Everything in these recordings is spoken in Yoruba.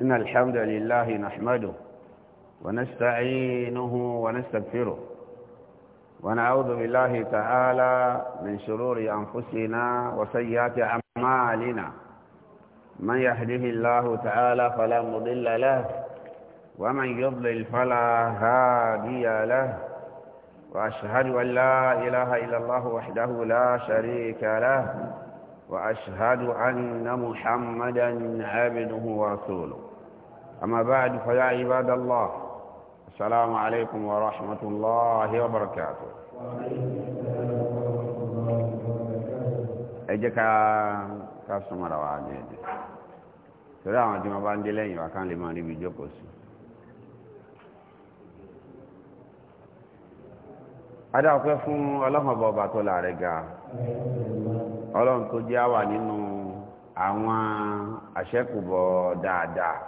إن الحمد لله نحمده ونستعينه ونستغفره ونعوذ بالله تعالى من شرور أنفسنا وسيئات أعمالنا من يهده الله تعالى فلا مضل له ومن يضلل فلا هادي له وأشهد أن لا إله إلا الله وحده لا شريك له وأشهد أن محمدا عبده ورسوله أما بعد فيا عباد الله السلام عليكم ورحمة الله وبركاته أجاك كاستمر وعديد سلام عليكم وبعد لين وكان لما نبي جوكوس أدعوك فون الله مبابا تولى رجاء ọlọ́run tó jẹ́ àwà nínú àwọn àṣẹ́kùbọ̀ dáadáa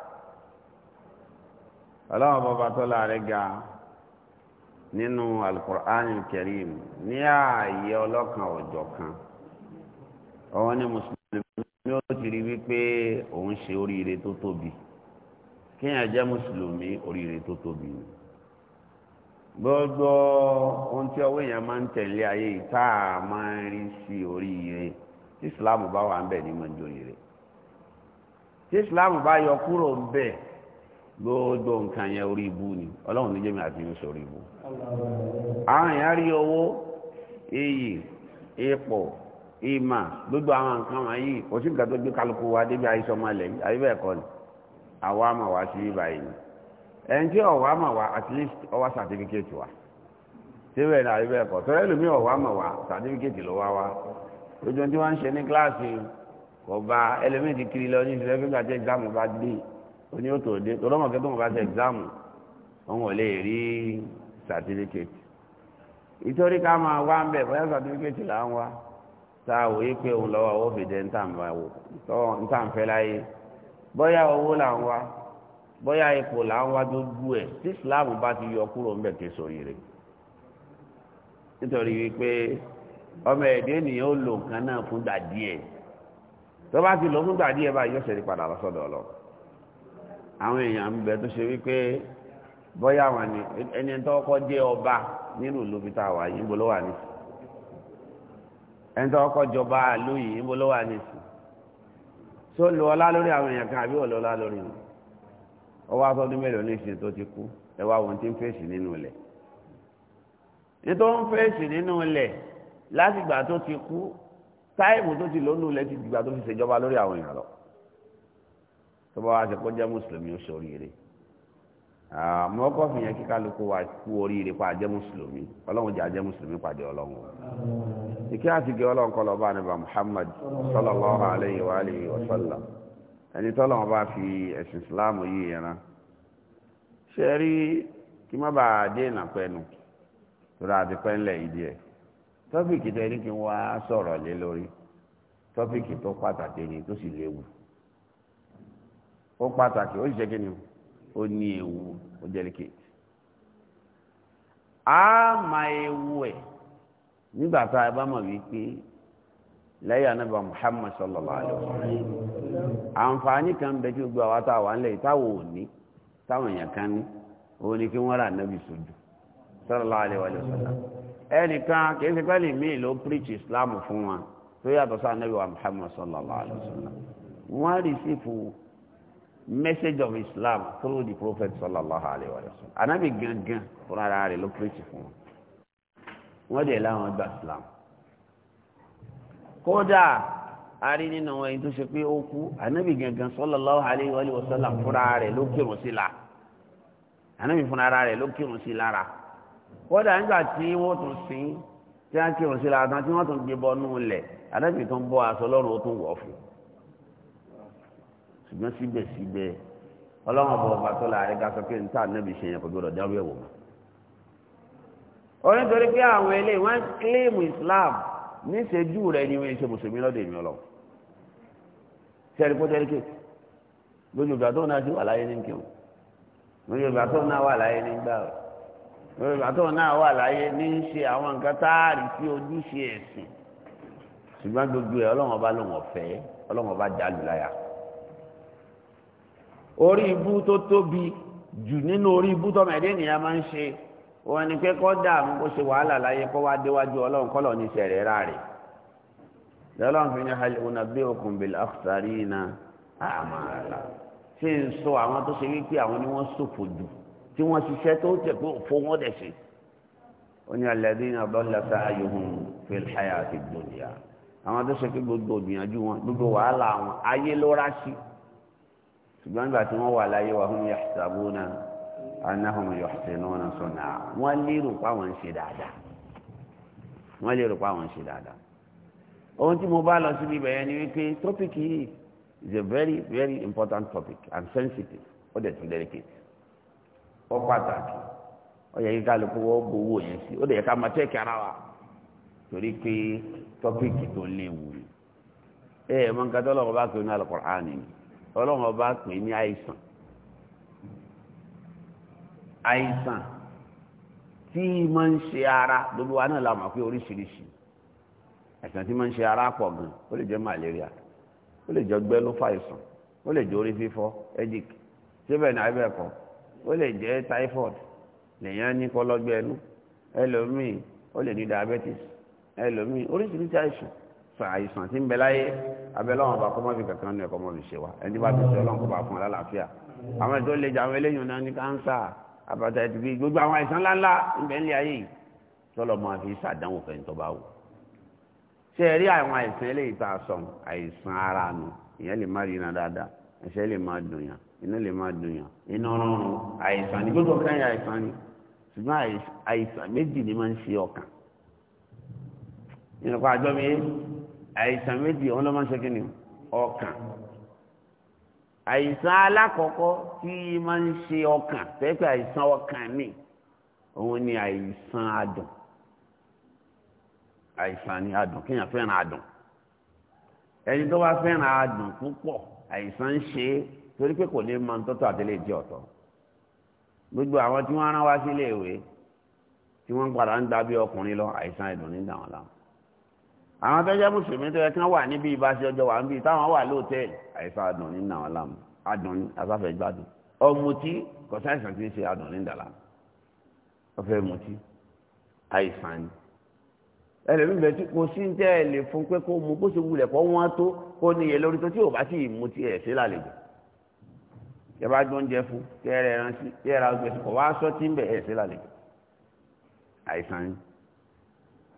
ọlọ́run bọ́bá tó láàrẹ́ ga nínú alukur'anil karim ní ààyè ọlọ́kan ọ̀jọ̀ kan ọwọ́n ní mùsùlùmí ó ti rí wípé òun ṣe oríire tó tóbi kéèyàn mùsùlùmí oríire tó tóbi ni. gbogbo ohun tí ọwọ́ èèyàn máa ń tẹ̀lé ayé ìta máa ń rí sí oríire tí ìsìláàmù bá wà ń bẹ̀ ní mọ̀jòyè rẹ̀ tí ìsìláàmù bá yọ kúrò ń bẹ̀ gbogbo nǹkan yẹn orí ibu ni ọlọ́run ní jẹ́mi àti yóò sọ̀rọ̀ ibu. àwọn èèyàn rí owó iyì ipò ìmà gbogbo àwọn nǹkan wọ̀nyí kò sí nǹkan tó gbé kálukú wa débi àìsàn ọmọ ilẹ̀ àyíbẹ̀ ẹ̀kọ́ ni àwa máa wá sí ibà yìí ẹni tí ọ̀wá mà at least ọwá certificate wa síbẹ̀ ní àríwẹ̀ ẹ̀kọ́ tọ́lá ẹlòmí ọ̀wá mà certificate ló wá wá lójú tí wọ́n ń ṣe ní kíláàsì kò bá ẹlòmí kiri lọ ní ìṣẹ́lẹ̀ fígbà tí bá dé oní ó tó dé tọ́lọ́mọ̀ mọ̀ bá ṣe òun ò lè rí certificate ìtorí ká máa wá ń bẹ̀ bóyá là ń wá tá a bóyá ipò là ń wá dójú ẹ̀ tí islam bá ti yọ kúrò ń bẹ̀ ké sórí rẹ̀ nítorí wípé ọmọ ẹ̀dẹ́ ènìyàn ó lò nǹkan náà fúngbà díẹ̀ tó bá ti lò fúngbà díẹ̀ báyìí yóò ṣẹ̀rí padà lọ sọ́dọ̀ ọlọ àwọn èèyàn ń bẹ tó ṣe wípé bóyá wọn ni ẹni tó kọ́ jẹ́ ọba nínú ìlú bí tá a wà yìí ń bolówà nìsí ẹni tó kọ́ jọba lóyìí ń bolówà nìsí tó lo ọlá lórí àwọn èèyàn kan àbí òlò lórí wọn ọwọ́ asọ́dún mélòó ní ìṣe tó ti kú ẹ wá wọn tí ń fèsì nínú ilẹ̀ nítorí ń fèsì nínú ilẹ̀ látìgbà tó ti kú táìmù tó ti lónú ilẹ̀ ti dìgbà tó fi ṣèjọba lórí àwọn èèyàn lọ tó bá wá ṣe kó jẹ́ mùsùlùmí ó ṣe oríire kí kálukú wa kú oríire pa jẹ́ mùsùlùmí ọlọ́run jẹ́ ajẹ́ mùsùlùmí pàdé ọlọ́run ìkí àti ọlọ́run kọ́ nípa Muhammad sallallahu alayhi wa alihi wa sallam. ẹni tọ́lọ́wọ́n bá fi ẹ̀sìn islam yìí ẹran ṣe rí kí má bàa dé ìnà pẹ́nu tóra àti pẹ́ńlẹ̀ tọ́pìkì tẹ́ ní kí n wá sọ̀rọ̀ lé lórí tọ́pìkì tó pàtàkì ni tó sì léwu ó pàtàkì ó sì ṣe ni ewu ó jẹ́ lékè á ewu ẹ̀ nígbà tá a bá lẹ́yìn anábà Muhammad sallallahu alaihi àǹfààní kan bẹ tí ó àwọn àtàwà ìtawò òní táwọn èèyàn kan ní òun ni kí wọ́n rà nábì sallallahu alaihi wasallam ẹnìkan kì ṣe pẹ́lú míì ló preach Islam fún wa tó yàtọ̀ sí wa Muhammad sallallahu alaihi message of Islam through the prophet sallallahu alaihi wasallam anábì gangan fúnra rẹ̀ ló fún wa wọ́n dẹ̀ Islam. kódà ari rí nínú wọn se tó ṣe pé ó kú ànábì gangan sallallahu alaihi wa sallam fúnra rẹ̀ ló kírun sí la ànábì fúnra rẹ̀ ló kírun sí lára kódà nígbà tí wọ́n tún sin tí wọ́n kírun sí lára tán tí wọ́n tún gbé bọ́nú lẹ̀ ànábì tó ń bọ́ aṣọ lọ́rùn ó tún wọ̀ fún ṣùgbọ́n síbẹ̀síbẹ̀ ọlọ́run ọ̀bọ̀ ọba tó láàrin ga pé níta ànábì ṣe yẹn kò Islam níṣẹ́jú rẹ̀ ni wọ́n ṣe mùsùlùmí lọ́dọ̀ èmi ọlọ́run sẹ́ni kó tẹ́lẹ̀ kéèkì lójú ìgbà tó náà ti wà láyé ní kírun lójú ìgbà tó náà wà láyé ní gbà rẹ̀ lójú ìgbà tó náà wà láyé ní ṣe àwọn nǹkan táàrí sí ojúṣe ẹ̀sìn ṣùgbọ́n gbogbo ẹ̀ ọlọ́run ọba lòun ọ̀fẹ́ ọlọ́run ọba dàlù láyà orí ibú tó tóbi jù nínú orí ibú tọ́mọ ẹ̀dẹ́ máa ń ṣe wọn ni pé kọ́ dààmú kó ṣe wàhálà láyé kó wá déwájú ọlọ́run kọ́lọ̀ ní sẹ̀rẹ̀ ráre lọ́lọ́run fi ní hali unabbi'ukum bil akhsarina a'mala ṣe ń sọ àwọn tó ṣe wípé àwọn ni wọ́n ṣòfò jù tí wọ́n ṣiṣẹ́ tó tẹ̀ pé òfò wọn dẹ̀ ṣe. ó ní alladhina dalla sa'yuhum fil hayati dunya àwọn tó ṣe pé gbogbo ìgbìyànjú wọn gbogbo anahum yuhsinuna sun'a wọ́n lérò páwọn ń ṣe dáadáa wọ́n lérò páwọn ń ṣe dáadáa ohun tí mo bá lọ síbi ibẹ̀ ni wípé tọ́pìkì yìí is a very very important topic and sensitive ó dẹ̀ tún delicate ó pàtàkì ó yẹ kí kálukú wọ́n gbowó yẹn sí ó dẹ̀ yẹ ká máa tẹ́kì ara wa torí pé tọ́pìkì tó léwu ni ẹ ẹ̀ mọ̀ nǹkan tó lọ́wọ́ bá pè ní Al-Qur'ani ọlọ́wọ́ bá pè ní àìsàn àìsàn tí máa ń ṣe ara gbogbo wa náà la mọ̀ pé oríṣiríṣi àìsàn tí máa ń ṣe ara pọ̀ gan ó lè jẹ́ malaria ó lè jẹ́ gbẹ́ ló fa àìsàn ó lè jẹ́ orí fífọ́ headache síbẹ̀ náà ibẹ̀ ó lè jẹ́ typhoid lèyàn ní kọlọ́gbẹ́ ẹnu ẹlòmíì ó lè ní diabetes ẹlòmíì oríṣiríṣi àìsàn sàn àìsàn tí ń bẹ láyé abẹ́lọ́wọ̀n bá kọ́mọ́ fi kankan ní ẹ̀kọ́ mọ́ fi ṣe wa ẹni bá ti ṣe ọlọ́run bá fún ọ lálàáfíà àwọn ètò ìlẹ̀jà àwọn eléyìí náà ní káńsà àbàtà ìdìbò gbogbo àwọn àìsàn ńláńlá ńbẹ ńlẹ ayé yìí tọ́lọ̀ máa fi ṣàdánwò fẹ́ tó bá wù. ṣé ẹ rí àwọn àìsàn eléyìí tá a sọ àìsàn ara nu ìyẹn lè má rí iná dáadáa ẹsẹ̀ lè má dùn yàn iná lè má dùn yàn iná rọrùn àìsàn ní gbogbo kan yà àìsàn ni ṣùgbọ́n àìsàn méjì ni máa ń ṣe ọkàn. ìrìnkọ́ àjọ mi àìsàn méjì ọlọ́mọ ṣe kí ni ọkàn àìsàn alákọ̀ọ́kọ́ tí máa ń ṣe ọkàn tẹ́pẹ́ àìsàn ọkàn ni òun ni àìsàn adùn àìsàn ni adùn kéèyàn fẹ́ràn adùn ẹni tó bá fẹ́ràn adùn púpọ̀ àìsàn ń ṣe é torí pé kò ní máa ń tọ́tọ̀ àtẹlẹ́ jẹ́ ọ̀tọ̀ gbogbo àwọn tí wọ́n rán wá sílé ìwé tí wọ́n padà ń dàbí ọkùnrin lọ àìsàn ẹ̀dùn ní dàwọn láwọn àwọn tó jẹ́ mùsùlùmí tó yẹ kí wọ́n wà níbi ìbáṣe ọjọ́ wà níbi táwọn wà lóòtẹ́ẹ̀lì àìsàn adùn ní nàwọn láàmú adùn ní asáfẹ́ gbádùn ọmọtí kò sáìsàn tí ń ṣe adùn ní dàlá ọfẹ́ mọtí àìsàn ni ẹlẹ́mìí bẹ́ẹ̀ tí kò sí ń tẹ́ ẹ lè fún pé kó mu bó ṣe wulẹ̀ kó wọ́n tó kó níye lórí tó tí ò bá sì mutí ẹ̀ ṣe lálejò kẹ bá gbọ́n jẹ fún kẹ ẹ rẹ ẹran sí kẹ ẹ ra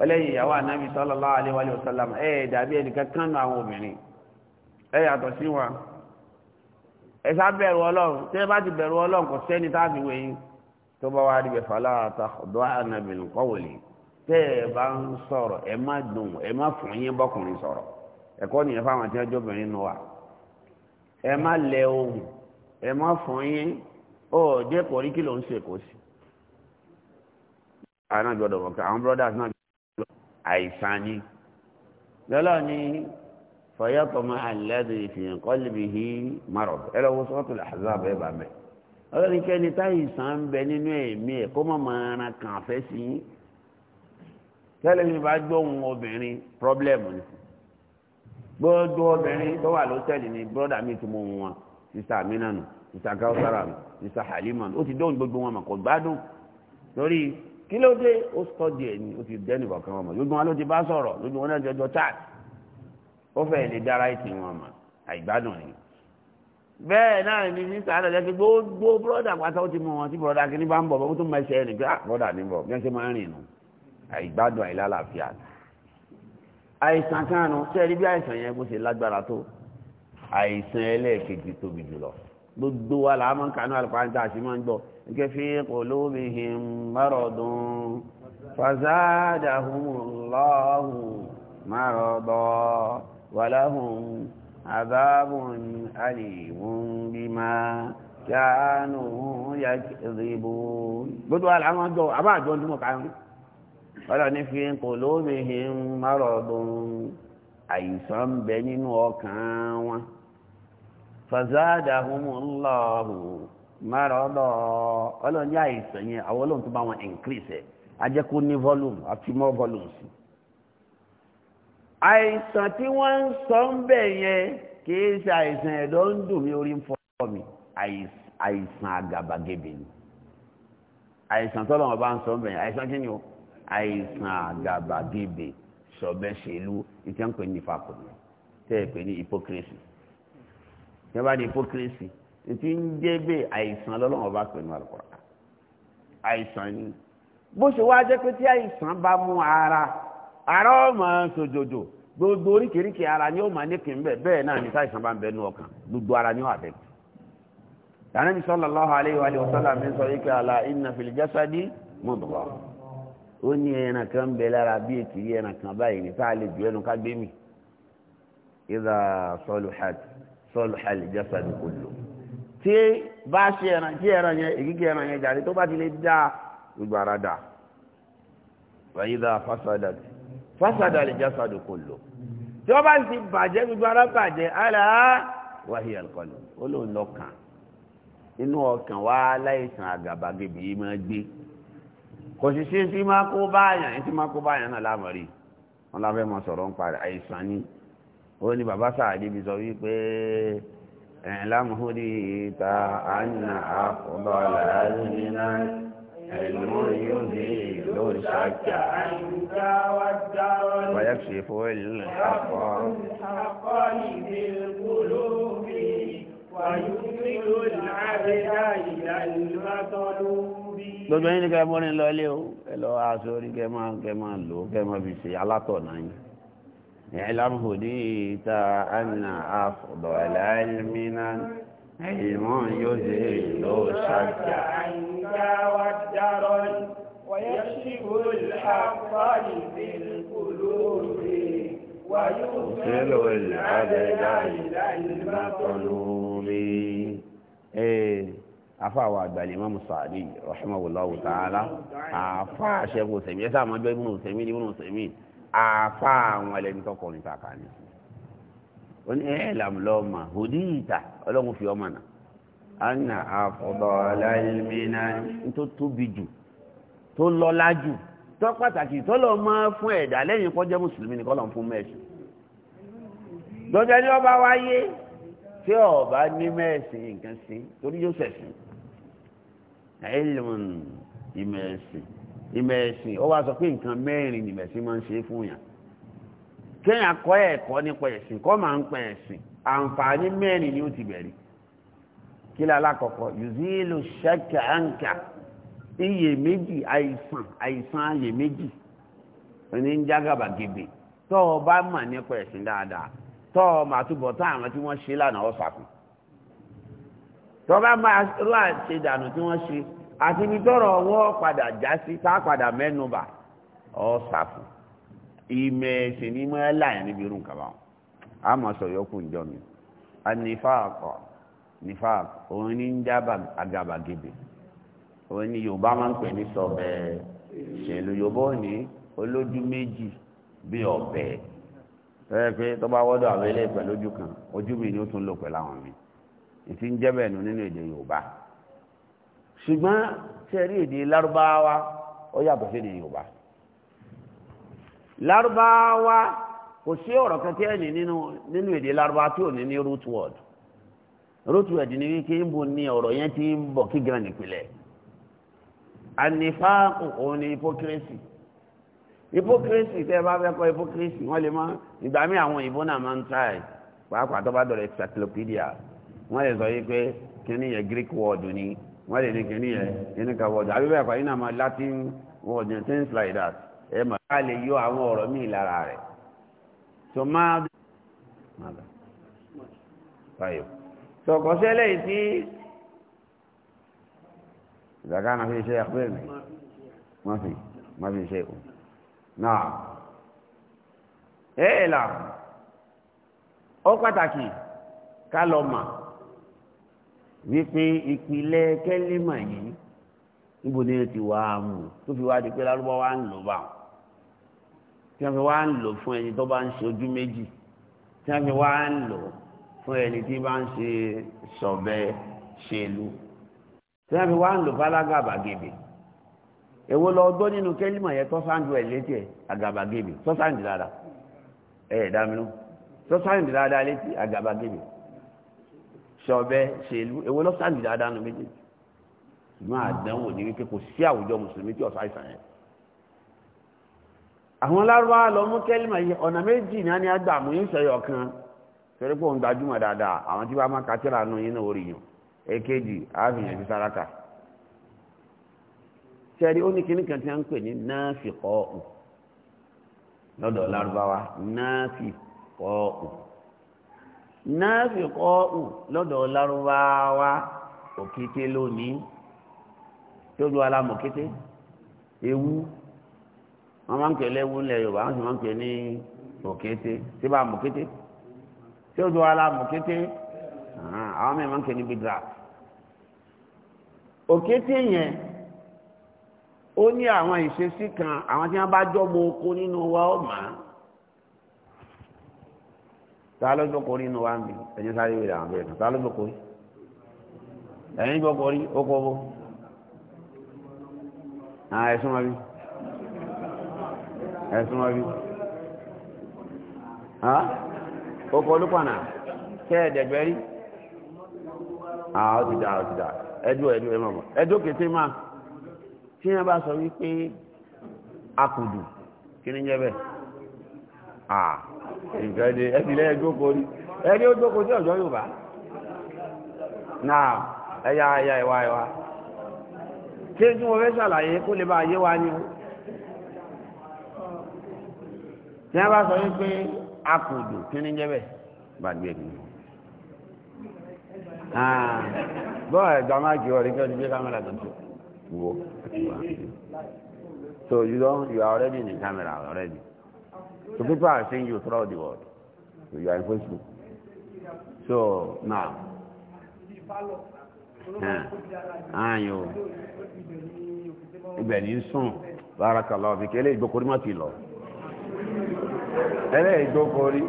ẹlẹ́yìn ìyàwó ànábì sallallahu alaihi wa sallam ẹ̀ dàbí ẹnìkan kánú àwọn obìnrin ẹ yàtọ̀ sí wọn ẹ sá bẹ̀rù ọlọ́run tí ẹ bá ti bẹ̀rù ọlọ́run kò sẹ́ni táàbì wẹ̀yìn tó bá wá rí bẹ̀ fàlà àtàkùdọ́ ànábì kọ́wòlì tẹ́ ẹ bá ń sọ̀rọ̀ ẹ má dùn ẹ má fún yín bọ́kùnrin sọ̀rọ̀ ẹ̀kọ́ nìyẹn fáwọn àti ẹjọ́ obìnrin nù àìsàn ni lọ́lọ́ ni fọyọ́tọ̀mọ́ àlẹ́dì ìfìyànkọ́lìbìhì márùn ẹ lọ́wọ́ sọ́tùlù àzáàbù ẹ̀ bàmẹ́ ọlọ́ni kẹ́ni táìsàn ń bẹ nínú ẹ̀mí ẹ̀ kó mọ̀ máa ran kàn fẹ́ sí i tẹ́lẹ̀ mi bá gbóhùn obìnrin pírọ́blẹ́mù ni gbogbo obìnrin tó wà lótẹ́ẹ̀lì ni bọ́dà mi ti mọ ohun wọn sísá sísá halima ó gbogbo wọn mà kò gbádùn torí kí ló dé ó sọ díẹ̀ ni ó ti dẹ́nu ìbọ̀kan wọn mọ̀ lójú wọn ló ti bá sọ̀rọ̀ lójú wọn náà jọjọ chat ó fẹ́ lè dára ìtì wọn mọ̀ àìgbádùn ni bẹ́ẹ̀ náà ni níta àdàdà pé gbogbo bọ́dà pátá ó ti mọ wọn tí bọ́dà kìíní bá ń bọ̀ bọ́ tó máa ṣe ẹnì pé ah bọ́dà ní bọ̀ gẹ́gẹ́ máa ń rìn nù àìgbádùn àìlálàáfíà àìsàn kan nù sẹ́ẹ̀rí bí àìsàn yẹn kó ṣe lágbára tó àìsàn ẹlẹ́ẹ̀kejì tóbi jùlọ gbogbo wa làá máa ń kànú àlùfáàǹtà àti máa ń gbọ́ ike fi qulubihim maradun fazadahumullahu maradan walahum adhabun alimun bima kanu yakdhibun. gbogbo wa làá máa ń gbọ́ àbá àjọ ń dúnmọ̀ káyọ̀ ọlọ́ni fi qulubihim maradun àìsàn ń bẹ fàzádàhùnmùláhù márọ̀dọ̀ ọlọ́run yá àìsàn yẹn àwọn ọlọ́run tó bá wọn increase ẹ̀ ajẹ́ kó ní volume àti more volume sí. àìsàn tí wọ́n ń sọ ń bẹ̀ yẹn kìí ṣe àìsàn ẹ̀dọ̀ ń dùn mí orí ń fọ́ mi àìsàn àgàbàgebè ni àìsàn tọ́lọ̀ wọn bá ń sọ ń bẹ̀ yẹn àìsàn kí ni o àìsàn àgàbàgebè sọ̀bẹ́sẹ̀lú ìtẹ́ǹpẹ̀ ní ìfàkùnrin tẹ́ẹ̀pẹ̀ ní hypocrisy yẹn bá di hypocrisy ètí ń jẹ́ bẹ́ẹ̀ àìsàn lọ́lọ́wọ́ bá pẹ̀lú àlùkọ́rà àìsàn ni bó ṣe wá jẹ́ pé tí àìsàn bá mú ara ara ó máa sojòjò gbogbo oríkèéríkèé ara ni ó máa níkì ń bẹ̀ bẹ́ẹ̀ náà ní sáìsàn bá ń bẹ nú ọkàn gbogbo ara ni ó àbẹ̀ yàrá mi sallallahu alayhi wa sallam mi sọ yìí ala inna fil jasadi mudghah ó ní ẹran kan bẹ lára bí ètìrí ẹran kan báyìí nípa àlejò ẹnu ká gbé mi ìdá sọlù hàt sọ́lùhà lè jásà ní kòlò tí bá ṣe ẹran tí ẹran yẹn èkíkí ẹran yẹn jàre tó bá ti lè dá gbogbo ara dà wàyídà fásádà fásádà lè jásà ní kòlò tí wọ́n bá ti bàjẹ́ gbogbo ara bàjẹ́ àlà wáhí alkọlù ó lóun lọ́kàn inú ọkàn wá láìsàn àgàbàgebè yìí máa gbé kò sì sí máa kó báyàn tí máa kó báyàn náà lámọ̀rí wọn lábẹ́ mọ sọ̀rọ̀ ń parí àìsàn ni ó ní bàbá sàádé bí sọ wípé ẹ̀lámúhúdí ìta àánà àkọ́bọ̀ làálùmínà ẹ̀lú yóò dé ìlú ṣàkà gbogbo yín ni kẹ́ mọ́rin lọ ilé o ẹ lọ aṣọ orí kẹ́ máa lò ó kẹ́ máa fi ṣe alátọ̀ náà yín. اعلم هديت أن أفضل علمنا علم يزيل الشك عنك والدرن ويكشف الحق في القلوب ويوصل العدل إلى المطلوب afáwà àgbàlẹ̀ imam Sa'di rahimahullahu ta'ala àfáà ṣẹ́gun sẹ̀mí ẹ sáà máa jọ ibùnú sẹ̀mí ibùnú sẹ̀mí àfa àwọn ẹlẹ́ni tó kàkà ni ó ní ẹ̀ẹ́làm lọ́mà ìta ọlọ́run fi ọmọ nà ánà àfọ̀dọ̀ aláìmínà tó tóbi jù tó lọ́lá jù tó pàtàkì tó mọ́ fún ẹ̀dà lẹ́yìn kọjẹ́ mùsùlùmí ní kọ́lọ̀ fún mẹ́ẹ̀sùn lọ́jọ́ ọba ìmọ̀ ẹ̀sìn ó wá sọ pé nǹkan mẹ́rin ìmọ̀ ẹ̀sìn máa ń ṣe fún yàn kéèyàn kọ́ ẹ̀kọ́ nípa ẹ̀sìn kọ́ máa ń pẹ̀ ẹ̀sìn mẹ́rin ni ó ti bẹ̀rẹ̀ kí la lákọ̀ọ́kọ́ yuzilu ṣẹ́kẹ̀ ànkà iyèméjì àìsàn àìsàn ayèméjì ní ń jágàbà gèbè tọ́ ọ bá mà nípa ẹ̀sìn dáadáa tọ́ ọ mà túbọ̀ tán àwọn tí wọ́n ṣe lánàá ọ̀sàkùn tọ́ bá máa rú àti ibi tọrọ ọwọ́ padà já sí ọ sàfù ìmẹ̀ ẹ̀sìn ní mọ́ láyé níbi irú nǹkan báwọn a mọ̀ sọ mi a òun ní ń jábà òun ní Yorùbá máa ń pè ní sọ̀bẹ̀ ṣèlú Yorùbá olójú méjì bí ẹ pé àwọn ilé lójú kan ojú mi ni ó tún lò pẹ̀lú ṣùgbọ́n tẹ́rí èdè lárúbáwá ó yàtọ̀ sí èdè yorùbá lárúbáwá kò sí ọ̀rọ̀ kan tí ẹ̀ ní nínú èdè lárúbáwá tí ò ní ní root word root word ni wípé ń bo ní ọ̀rọ̀ yẹn ti ń bọ̀ kí gan nípìnlẹ̀ ànífàákù òun ni hypocrisy hypocrisy tẹ́ ẹ bá fẹ́ kọ́ hypocrisy wọ́n lè mọ́ ìgbà mí àwọn òyìnbó náà máa ń try pàápàá tó bá dọ̀rọ̀ encyclopedia wọ́n lè sọ yìí pé kí ni yẹ Greek word ni wọ́n lè ní kìíní yẹn kíní ka wọ́ọ̀dù àbí bẹ́ẹ̀ fàyín náà máa latin wọ́ọ̀dù and things like that ẹ máa ká lè yọ àwọn ọ̀rọ̀ míì lára rẹ̀ tó máa dùn. طيب تقصي ليتي إذا كان في شيء أخبرني ما في ما في شيء نعم إيه لا ó pàtàkì ká lọ mà wípé ìpìlẹ̀ kẹ́límà yìí níbo ni ti wà á mú tó fi wá di pé lárúbọ wá ń lò bá wọn tí wọ́n fi wá ń lò fún ẹni tó bá ń ṣe ojú méjì tí wọ́n fi wá ń lò fún ẹni tí bá ń ṣe sọ̀bẹ ṣèlú tí wọ́n fi wá ń lò fálágà àbàgèbè èwo lọ gbọ́ nínú kẹ́límà yẹn tọ́sáǹdù ẹ̀ létí ẹ̀ àgàbàgèbè tọ́sáǹdù dáadáa ẹ̀ dáminú tọ́sáǹdù dáadáa létí àgàbàgèbè. ṣọ̀bẹ ṣèlú èwo lọ sáàmì dáadáa nu méjèèjì ṣùgbọ́n àdánwò ní wípé kò sí àwùjọ mùsùlùmí tí ọ̀sán yẹn àwọn lárúbá lọ mú kẹ́lìmọ̀ yìí ọ̀nà méjì ní a ní agbà mú yín kan torí pé òun gbajúmọ̀ dáadáa àwọn tí wàá má ka tíra nù yín náà orí yàn èkejì àfihàn ti sáraka sẹ́ẹ̀rí ó ní kíní kan tí wọ́n ń pè náàfi kọ́ ù lọ́dọ̀ wa òkété lónìí tó lu alamọ̀kété ewu wọn máa ń pè lẹ́wu ńlẹ̀ yorùbá wọn sì máa ń pè ní òkété tí bá mọ̀kété tí ó lu alamọ̀kété àwọn mẹ́rin máa ń pè ní big rap òkété yẹn ó ní àwọn ìṣesí kan àwọn tí wọ́n bá jọ́ mọ oko nínú wa ọ̀ máa ta ló jókòó rí inú wa ń bì ẹ̀yin sáré wèrè àwọn abẹ́rẹ́ ta ló jókòó rí ẹ̀yin jókòó rí ó kọ́ bó ẹ̀sùn wọn bí ẹ̀sùn wọn bí ah, ó kọ́ olúkọ̀nà kẹ́ ẹ̀dẹ̀gbẹ́ rí ah, ó ti dà ó ti dà ẹjọ́ ẹjọ́ ẹ̀mọ̀ mọ̀ ẹjọ́ kété máa tí wọ́n bá sọ wípé akùdù kí ni jẹ́ bẹ́ẹ̀ ah. nǹkan ni lẹ́yìn jókòó ẹni ó jókòó sí ọ̀dọ́ Yorùbá náà iwa. ẹ̀yà ìwà ìwà tí tí mo fẹ́ kó lè bá wa o tí wọ́n bá sọ wípé akùdù kí ni jẹ́ gbàgbé mi bọ́ọ̀ ẹ̀dọ́ máa kí ọ̀rí kí ọdún so you don you are already in So people are seeing you throughout the world. So you are in Facebook. So now. ah, Ayo. Ibẹ̀ ní sùn. Bárakàlá ọ̀fi kí eléyìí gbókorí má ti lọ. Eléyìí gbókorí.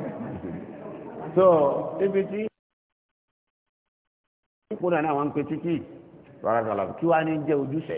So ibi tí ìpínlẹ̀ náà wọ́n ń pe títì. Bárakàlá kí wá ní jẹ́ ojúṣe.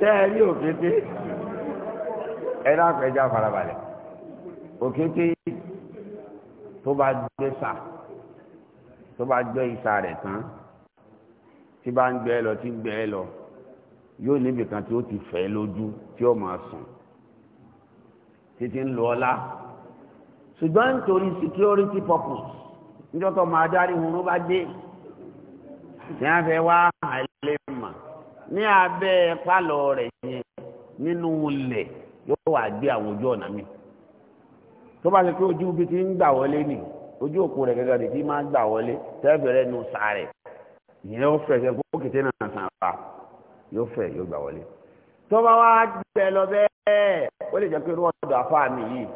tẹ́ẹ̀rí òkété ẹ̀rọ àpẹja farabalẹ̀ òkété tó bá gbé sà tó bá gbé ìsà rẹ̀ tán tí bá ń gbé lọ tí ń gbé lọ yóò níbi kan tí ó ti fẹ́ lójú tí ó máa sùn títí ń lọ ọlá ṣùgbọ́n nítorí security purpose níjọ́ tó máa dárí oorun bá dé tí fẹ́ wá àìlè ní abẹ́ pálọ̀ rẹ̀ yẹn nínú ilẹ̀ yóò wà gbé àwọn ojú ọ̀nà mi tó bá ṣe pé ojú ibi ti ń gbà wọlé nì ojú òkú rẹ̀ gẹ́gẹ́ bí tí máa gbà wọlé tẹ́bẹ̀rẹ̀ nu sàárẹ̀ ìyẹn ó fẹ̀ ṣe fún kìtẹ́ náà sàn pa yóò fẹ̀ yóò gbà wọlé tó bá wá gbẹ lọ bẹ́ẹ̀ pé afá mi yìí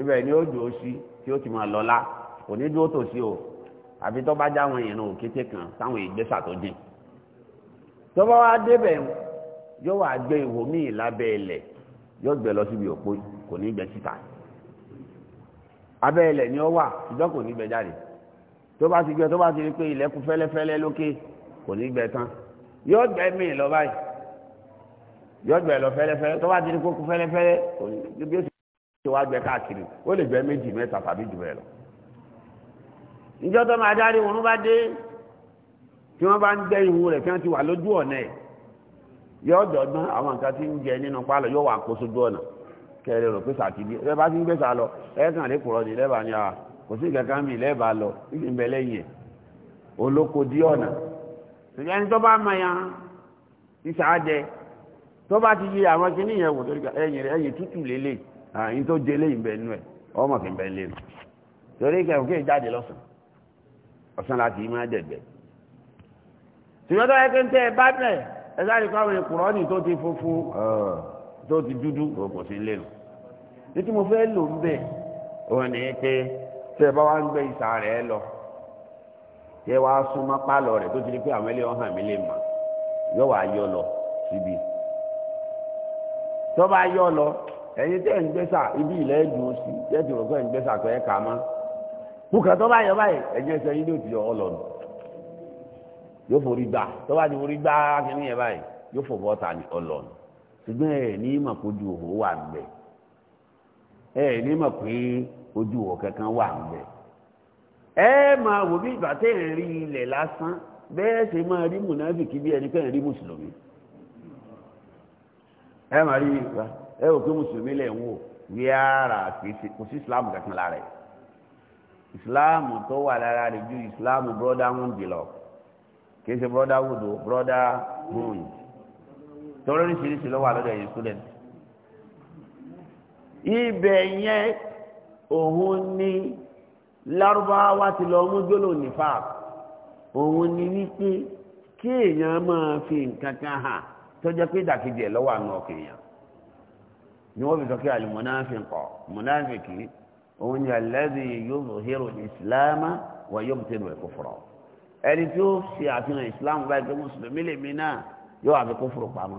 ibẹ̀ ni ó dùn o tó bá já àwọn tọ́ba wa débẹ̀ yóò wá gbé ìwò míì lábẹ́ ilẹ̀ yóò gbé lọ síbi òpó kò ní gbé síta abẹ́ ilẹ̀ ni ó wà ṣùgbọ́n kò ní gbé jáde tó bá ti gbé tó bá ti rí pé ilẹ̀kùn fẹ́lẹ́fẹ́lẹ́ lókè kò ní gbé tán yóò gbé míì lọ báyìí yóò gbé lọ fẹ́lẹ́fẹ́lẹ́ tó bá ti rí kókó fẹ́lẹ́fẹ́lẹ́ kò ní bí ó ti wá gbé káàkiri ó lè gbé méjì mẹ́ta tàbí jù bẹ́ẹ̀ lọ ìjọ tó máa jáde òun bá dé tí wọ́n bá ń dẹ́ ihun rẹ̀ kí wọ́n ti wà lójú ọ̀nà ẹ̀ yóò dọ̀gbọ́n àwọn nǹkan tí ń jẹ nínú pálọ̀ yóò wà kó sójú ọ̀nà kẹrẹ rò pé sàkíní ẹ bá ti ń gbèsà lọ ẹ kàn lè kúrọ ní lẹ́bàá ni kò sí nǹkan kan mi lẹ́bàá lọ níbi ń bẹ lẹ́yìn ẹ̀ olóko dí ọ̀nà ṣùgbọ́n ẹni tó bá mọ ya ìṣáájẹ tó bá ti yí àwọn kíní yẹn wò torí ẹ̀yìn rẹ̀ ẹ̀yìn tútù lélẹ̀ àyín tó jẹ lẹ́yìn bẹ́ẹ̀ nú ẹ̀ ọmọ kì í bẹ́ẹ̀ lé torí kẹ̀ òkè jáde lọ́sàn ọ̀sán láti máa dẹ̀gbẹ́ ṣùgbọ́n tó yẹ kí n tẹ́ ẹ bá tẹ̀ ẹ sáré kó àwọn ìkùrọ́nì tó ti funfun ah. tó ti dúdú kò sí lẹ́nu ní tí mo fẹ́ lò ń bẹ̀ òun ni pé tẹ́ ẹ bá wá ń gbé ìsà rẹ̀ lọ tẹ́ wá súnmọ́ pálọ̀ rẹ̀ tó ti di pé àwọn ilé ọ̀hàn mi lè mọ̀ yóò wá yọ lọ síbi tó bá yọ lọ ẹ̀yin tẹ́ ń gbẹ́sà ibi ilẹ̀ ẹ̀dùn sí tẹ́ ti rò pé ń gbẹ́sà pé ẹ̀ kà á mọ́ kùkà yóò forí gbà tó bá ti forí gbà kínní yẹn báyìí yóò fò bọ́ta ní ọlọ́ọ̀nù ṣùgbọ́n ẹ̀ ní mọ̀ pé ojú òhò wà ń bẹ̀ ẹ̀ ní mọ̀ pé ojú òhò kankan wà ń bẹ̀ ẹ máa wò bí ìgbà tẹ́ ẹ̀ rí ilẹ̀ lásán bẹ́ẹ̀ ṣe máa rí mùnáfìkì bí ẹni pẹ́ ẹ̀ rí mùsùlùmí ẹ máa rí ìgbà ẹ wò pé mùsùlùmí lẹ̀ ń wò wí ara kò sí islam kankan lára ẹ̀ islam tó wà lára rẹ̀ ju islam brother ń dì lọ́kọ̀ kì í ṣe brotherhood o brotherhood torí oríṣiríṣi ló wà lọ́dọ̀ yìí student. ibẹ̀ yẹn òun ni lárúbáwá ti lọ mú gbólóhùn nífà òun ni wípé kí èèyàn máa fi nǹkan kan hàn tó jẹ́ pé ìdàkejì ẹ̀ lọ́wọ́ àánú ọkàn èèyàn ni wọ́n fi sọ pé àlùmọ́náfíkọ̀ mọ́náfíkì òun ni alladhi yuzhiru al-islama wa yubtinu al-kufra ẹni tí ó fi àfihàn islam báyìí pé mùsùlùmí lèmi náà yóò àfi kó fòrò pamọ́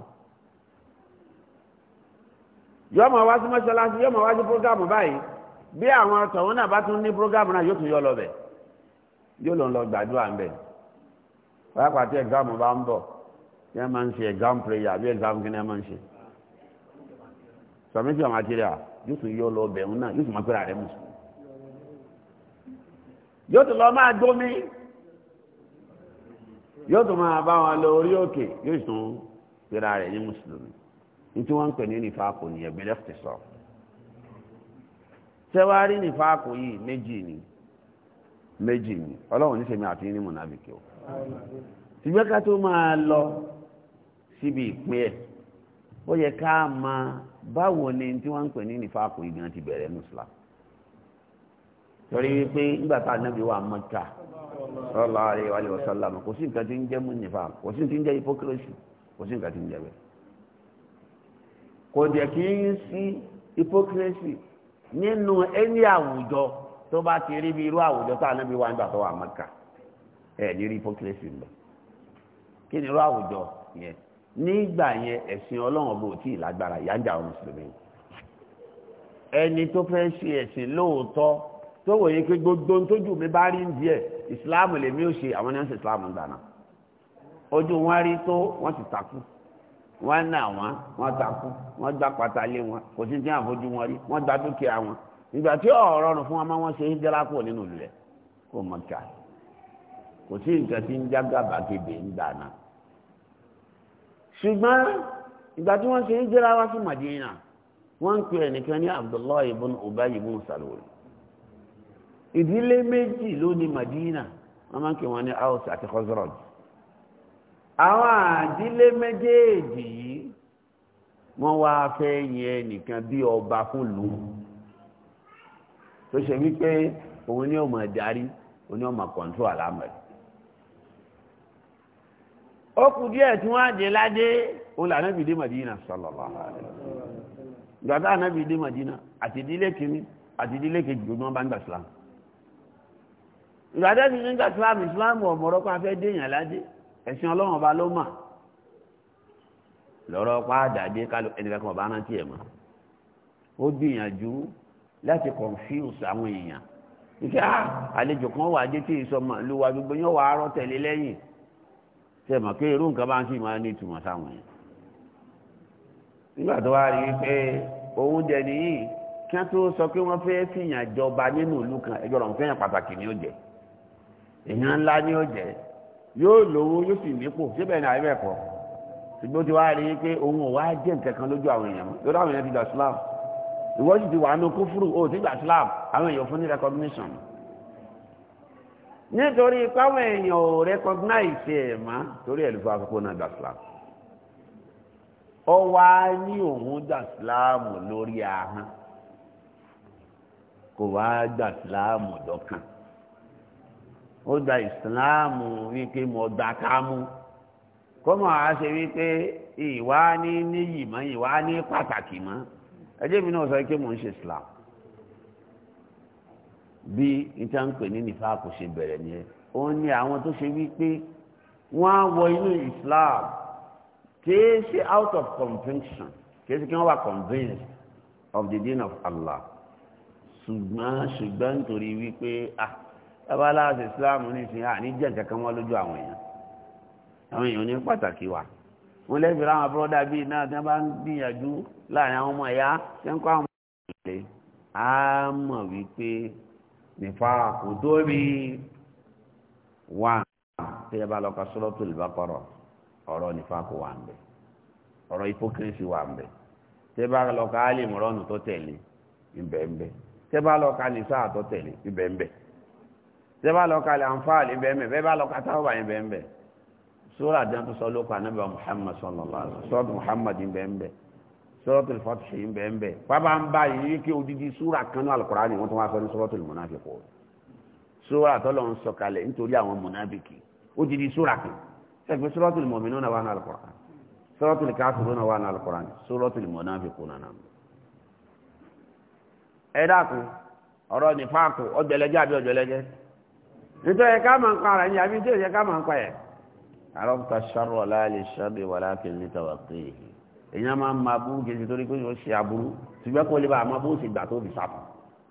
yóò máa wá sí mọ́ṣáláṣí yóò máa wá sí prógámù báyìí bí àwọn tọ̀hún náà bá tún ní prógámù náà yóò tún yọ lọ bẹ̀ yóò lọ lọ gbàdúrà ń bẹ̀ pàápàá tí ẹ̀gáàmù bá ń bọ̀ tí wọ́n máa ń ṣe ẹ̀gáàmù prayer bí ẹ̀gáàmù kí wọ́n máa ń ṣe sọ̀mí tí yóò tún yọ lọ bẹ̀ òun náà yóò tún máa pẹ́ra yóò tún máa bá wọn lọ orí òkè yóò tún pera rẹ̀ ní mùsùlùmí ní tí wọ́n ń pè ní nífàákù ní ẹ̀bí lẹ́fẹ̀tì sọ. sẹ́wárí nífàákù yìí méjì ni méjì ni ọlọ́run ní sẹ́mi àti ní mùnàbíkì o. ṣùgbọ́n ká tó máa lọ síbi ìpín ẹ̀ ó yẹ ká máa báwo ni tí wọ́n ń pè ní nífàákù yìí gan ti bẹ̀rẹ̀ nù Islam. torí wípé nígbà tá ànábì wà Mẹ́kà sallallahu alaihi wa sallam kò sí nǹkan tí ń jẹ́ múnifà kò sí nǹkan tí ń jẹ́ hypocrisy kò sí nǹkan tí ń jẹ́ kò kí n sí hypocrisy nínú ẹni àwùjọ tó bá ti rí bí irú àwùjọ tá ànábì wà nígbà tó wà Mẹ́kà ẹ̀ ní rí hypocrisy ń kí ni irú àwùjọ yẹn nígbà yẹn ẹ̀sìn tó wòye pé gbogbo tójú mi bá rí díẹ̀ ìsìláàmù lèmi ò ṣe àwọn ẹni ìsìláàmù dáná ojú wọn rí tó wọn ti takú wọn nà wọn wọn takú wọn gba pátá lé wọn kò sí tí wọn wọn rí wọn gba dúkìá wọn ìgbà tí ọ̀rọ̀ rọrùn fún wọn máa wọn ṣe é jẹ́lá kúrò nínú ìlú rẹ̀ kó mọ̀ ká kò sí nǹkan tí ń kébè ń dáná ṣùgbọ́n ìgbà tí ìdílé méjì ló Madina wọ́n máa ń kí wọ́n ní Aus àti Khazraj àwọn àdílé méjèèjì yìí wọ́n wá fẹ́ yẹ nìkan bí ọba fún lù ú tó ṣe wípé òun ni ó máa òun ni ó máa kọ̀ǹtó ó kù díẹ̀ tí wọ́n á dé ládé ó là nábì dé Madina sallallahu alaihi wasallam gbàtà dé Madina àti ìdílé kìíní àti ìdílé kejì gbogbo wọn bá ń gbà sílámù ìgbàdé ti nígbà islam islam ọ̀mọ̀rọ̀ pa fẹ́ déyàn ládé ẹ̀sìn ọlọ́run ọba ló mà lọ́rọ̀ pa àdàdé kálù ẹnìkan ọba rántí ẹ̀ mọ́ ó gbìyànjú láti confuse àwọn èèyàn ìkẹ́ ah, àlejò kan wà dé tí ìsọmọ lùwà gbogbo yóò wà arọ tẹ̀lé lẹ́yìn tẹ̀ mọ̀ pé irú nǹkan bá ń sì máa ní ìtumọ̀ sáwọn yẹn nígbà tó wá rí pé òun dẹ̀ nìyí kí wọ́n tó sọ pé wọ́n fẹ́ fìyàn jọba nínú ìlú kan ẹjọ́ rọ̀ fẹ́yàn pàtàkì ni ó jẹ́ èèyàn ńlá ni ó yóò lówó yóò sì nípò síbẹ̀ ní àyẹ̀bẹ̀ kọ́ ṣùgbọ́n ti wá rí i pé òun ò wá jẹ́ nǹkan kan lójú àwọn èèyàn lórí àwọn èèyàn ti gbà sì ti wà ní kúfúrú ó ti gbà Islam àwọn èèyàn fún ní recognition nítorí èèyàn ò recognize ẹ̀ torí ẹ̀lú fún náà gbà ọ wá ní òun gbà lórí ahọ́n kò wá gbà dọ́kàn ó gba ìsìláàmù wípé mo gbà kámú kọ́mọ àá ṣe wípé ìwá ní níyì mọ́ ìwá ní pàtàkì mọ́ ẹjẹ́ mi náà sọ pé mò ń ṣe islam bí níta ń pè ní nìfà kò ṣe bẹ̀rẹ̀ nìyẹn ó ní àwọn tó ṣe wípé wọ́n á wọ inú islam kìí ṣe out of conviction kìí ṣe kí wọ́n wà convinced of the deen of allah ṣùgbọ́n ṣùgbọ́n nítorí wípé ah ẹbá aláàṣẹ islam ní ìsìn àní jẹ́ nǹkan kan wọ́n lójú àwọn èèyàn àwọn èèyàn ní pàtàkì wa wọn lẹ́bi ráwọn bọ́dà bíi náà tí wọ́n bá ń gbìyànjú láàrin àwọn ọmọ ẹ̀yà tí wọ́n kọ́ àwọn ọmọ ìlẹ̀ á mọ̀ wípé nìfà kò tóbi wà tí ẹ bá lọ ka Suratul Baqara ọ̀rọ̀ nìfà kò wà ń bẹ̀ ọ̀rọ̀ wà ń bẹ̀ tẹ́ bá lọ ka Al Imran tó tẹ̀lé ń bẹ̀ ń bẹ̀ bá lọ ka nìfà tó tẹ̀lé ń bẹ̀ bá lọ kalẹ̀ àǹfààní bẹ́ẹ̀ bẹ́ẹ̀ bá lọ kata ọba yẹn bẹ́ẹ̀ bẹ́ẹ̀ sóra dán tó sọ ló kọ anábà muhammad sallallahu alaihi wasallam sọ́ọ̀tù muhammad bẹ́ẹ̀ bẹ́ẹ̀ sọ́ọ̀tù fatihi bẹ́ẹ̀ bẹ́ẹ̀ pápá ń bá yìí kí odidi sóra kanú alukura ni wọ́n tún wá sọ ní sọ́ọ̀tù munafiqun sóra tọ́lọ̀ ń sọ kalẹ̀ nítorí àwọn munafiki odidi sóra kan sẹ́gbẹ́ sọ́ọ̀tù mu'minuna wà ní alukura sọ́ọ̀tù káfíruna wà ní alukura sọ́ọ̀tù munafiquna nà ẹ dákun ọ̀rọ̀ nífàkù ọjọ́lẹ́jẹ́ àbí ọjọ́lẹ́jẹ́ nítorí ká máa ń pa ara yín àbí tí òye ká máa ń pa ẹ̀. àrọ́pùtà ṣọ́rọ̀ láàlè ṣọ́bì wà láàfin ní tọ̀wọ̀tì èèyàn máa ń ma bú gèdè torí pé yóò ṣe aburú ṣùgbọ́n kó lè bá àmọ́ bó ṣe gbà tó fi sáfù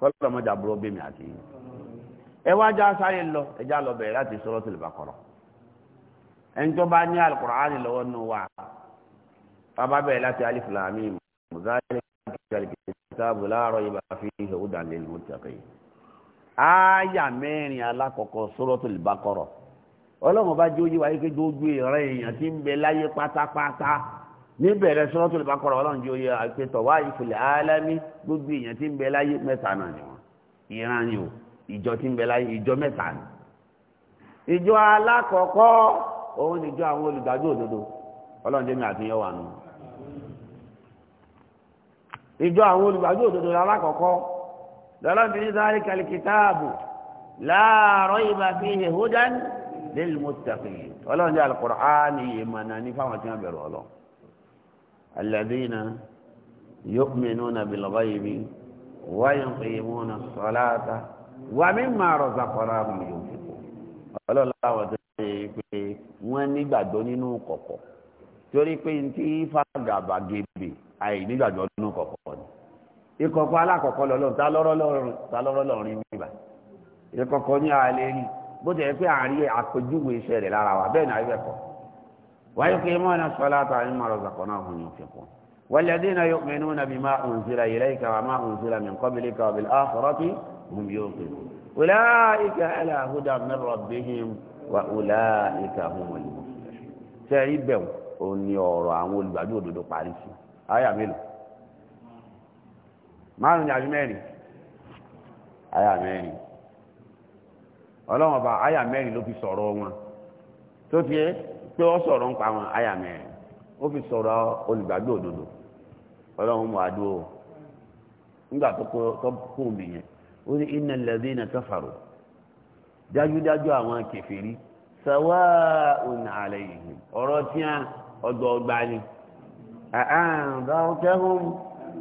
kọ́lọ́ mọ́jà burú bẹ́ẹ̀ mi àti yín. ẹ wá já sáyé lọ ẹ já lọ bẹ̀rẹ̀ láti sọ̀rọ̀ tó lè bá kọ̀rọ̀ ẹni tó bá ní alukur'ani lọ́wọ́ nù wá bàbá bẹ̀rẹ̀ láti alif lamim muzali kitabu la Aya mẹ́rin alákọ̀ọ́kọ́ Suratul Baqara ọlọ́run bá jó yíwa yíké gbogbo ìran èèyàn tí ń bẹ láyé pátápátá níbẹ̀rẹ̀ Suratul Baqara ọlọ́run jó yíwa pé tọ̀wá alẹ́mí gbogbo èèyàn tí ń bẹ láyé mẹ́ta o ìjọ tí ń bẹ láyé ìjọ mẹ́ta ni ìjọ alákọ̀ọ́kọ́ òun ni ìjọ àwọn olùdájọ́ òdodo ọlọ́run lọ́lọ́bìnrin sáré kàlìkìtáàbù láàárọ̀ ìbá fi hì húdán lil muttaqin ọlọ́run jẹ́ alukùránì ìmọ̀nà ní fáwọn tí wọ́n bẹ̀rù ọlọ́ alladhina yu'minuna bil ghaibi wa yuqimuna as-salata wa mimma razaqnahum yunfiqun ọlọ́run láwọn tó ṣe pé wọ́n nígbàgbọ́ nínú kọ̀kọ̀ torí pé ní tí fàgàbàgebè àìnígbàgbọ́ nínú kọ̀kọ̀ ni ìkọ̀kọ̀ alákọ̀ọ́kọ́ lọ́lọ́run ta lọ́rọ́ lọ́rùn ta lọ́rọ́ lọ́rùn ní ibà ìkọ̀kọ̀ ní àlẹ́ rí bó ti yẹ pé àárín àpèjúwe iṣẹ́ rẹ̀ lára wa bẹ́ẹ̀ ni àyẹ̀fẹ́ kọ́ wáyé pé mọ́ iná sọ látà ní mọ́ ọ̀rọ̀ zàkọ̀ náà hùn yóò fi kún walladhina yu'minuna bima unzila ilayka wa ma unzila min qablika wa bil akhirati hum yuqinun ulaika ala hudan min rabbihim wa ulaika humul muflihun ṣe ibẹ̀ òní ọ̀rọ̀ àwọn olùgbàdo òdodo parí sí àyà mélòó márùn ní àjúmẹ́rin àyà mẹ́rin ọlọ́run ọba ló fi sọ̀rọ̀ wọn tó ti pé ó sọ̀rọ̀ ń pa wọn àyà ó fi sọ̀rọ̀ olùgbàgbé òdodo ọlọ́run mú àdúró nígbà tó kó omi yẹn ó ní iná lẹ́dí iná dájúdájú àwọn kẹfìrí yìí ọ̀rọ̀ a ọgbọ̀ọgba ni bá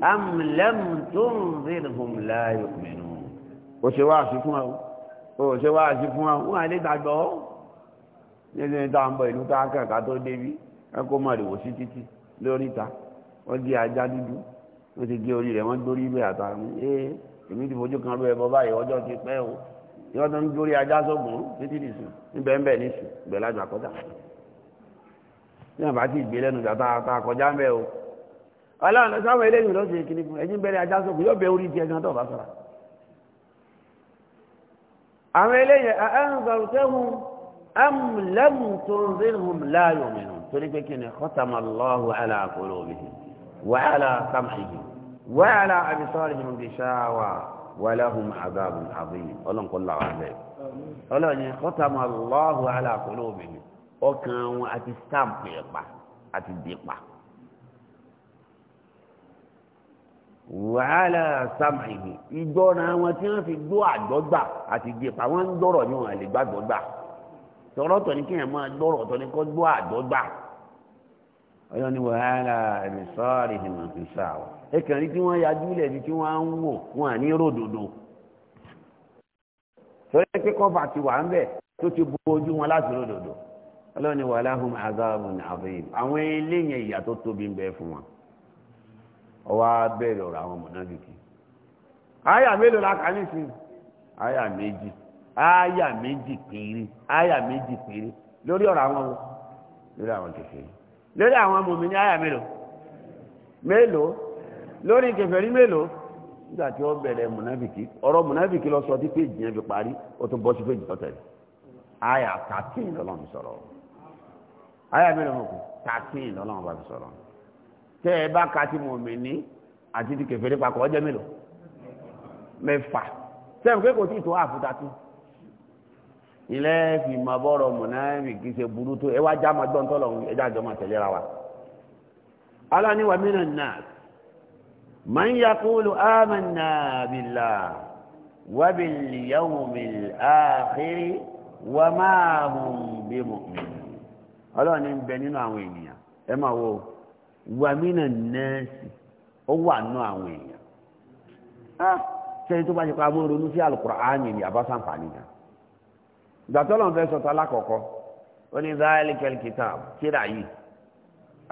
am lam tunzirhum la yu'minun ó ṣe wá sí fún àwọn ó ṣe wá sí fún àwọn wọ́n lè gbàgbọ́ nínú ìta ń bọ̀ ìlú tá kẹ̀kà tó débí ẹkọ́ mọ̀ rèwò sí títí lóríta wọ́n gé ajá dúdú ó ti gé orí rẹ̀ wọ́n dórí ibẹ̀ àtàrùn ee èmi ti fojú kan rú ẹbọ báyìí ọjọ́ ti pẹ́ o yọ́ tó ń dórí ajá sọ́gbọ̀n títí nìsín níbẹ̀ ń bẹ̀ nìsín gbẹ̀lájú àkọ́jà tí wọ́n bá ti gbé lẹ́nu dàtà kọjá ń bẹ̀ o ọlọ́run sáwọn eléyìí ló ṣe kiri fún ẹ̀yìn bẹ̀rẹ̀ ajá sókù yóò bẹ orí ti ẹ̀gbọ́n tó bá sọ̀rọ̀ àwọn eléyìí àánzọ̀rọ̀tẹ́hùn amlẹ́mù tó ń rírun láàyò mìíràn torí pé kí ni kọ́tàmà lọ́hùn aláàkóró mi wàhálà sàmáyé wàhálà àbísọ́rìhìn bí ṣáwà wàláhùn àbábùn àbíyìn ọlọ́nkọ́ làwọn bẹ́ẹ̀ ọlọ́run ọkàn wọn àti stamp yẹn àti dè wàhálà sàmàìní ìgbọ́ra wọn tí wọ́n fi gbọ́ àgbọ́gbà àti ìgbèpà wọn ń gbọ́rọ̀ ní wọn lè gbàgbọ́gbà tọ̀rọ̀ tọ̀ ní kéèyàn máa gbọ́rọ̀ tọ̀ ní kọ́ gbọ́ àgbọ́gbà ọyọ́ ni wàhálà ìrìnsọ́ọ̀rì ìmọ̀ ìṣà ọ̀ ẹkàn tí wọ́n yajú lẹ̀ ní tí wọ́n ń wò wọn à ní ròdòdò sọ́yẹ́ pé kọ́fà ti wà ń bẹ̀ tó ti bo wọn láti ròdòdò ọlọ́ni wàhálà hùm àgáàbùn àbẹ̀yìn àwọn eléyìn ìyà tóbi ń bẹ fún wọn. ọwọ́ abẹ́rẹ̀ ọ̀rọ̀ àwọn mọ̀nàbìkì àyà mélòó la kà nísìn méjì àyà méjì péré àyà méjì péré lórí ọ̀rọ̀ àwọn wo lórí àwọn kèfèrí lórí àwọn mùmí ní àyà mélòó mélòó lórí kèfèrí mélòó nígbà tí ó bẹ̀rẹ̀ mọ̀nàbìkì ọ̀rọ̀ lọ sọ tí péjì yẹn fi parí ó tún bọ́ sí péjì sọ̀rọ̀ mọ̀kù tẹ́ ẹ bá ka ti mùmíní àti ti kèfèrí papọ̀ ọjọ́ mélòó mẹ́fà sẹ́mi pé kò tí ì tó àfúta tó ilẹ̀ fi mọ bọ́rọ̀ mùnáfì kì í ṣe burú tó ẹ wá já máa gbọ́n tọ́lọ̀ ń ẹjá àjọ máa tẹ̀lé ra wa. aláni wa minan nas man yaqulu amanna billah wa bil yawmil akhir wa ma hum bimu'minin bẹ nínú àwọn ènìyàn ẹ máa wo wàmínà nẹ́ẹ̀sì ó wà náà àwọn èèyàn sẹ́yìn tó bá ṣe pa amó ronú sí Al-Qur'ani ni àbá sàǹfààní gan ìgbà tó lọ́n fẹ́ sọ tọ́lá kọ̀ọ̀kọ́ ó ní zalikal kitab kíra yìí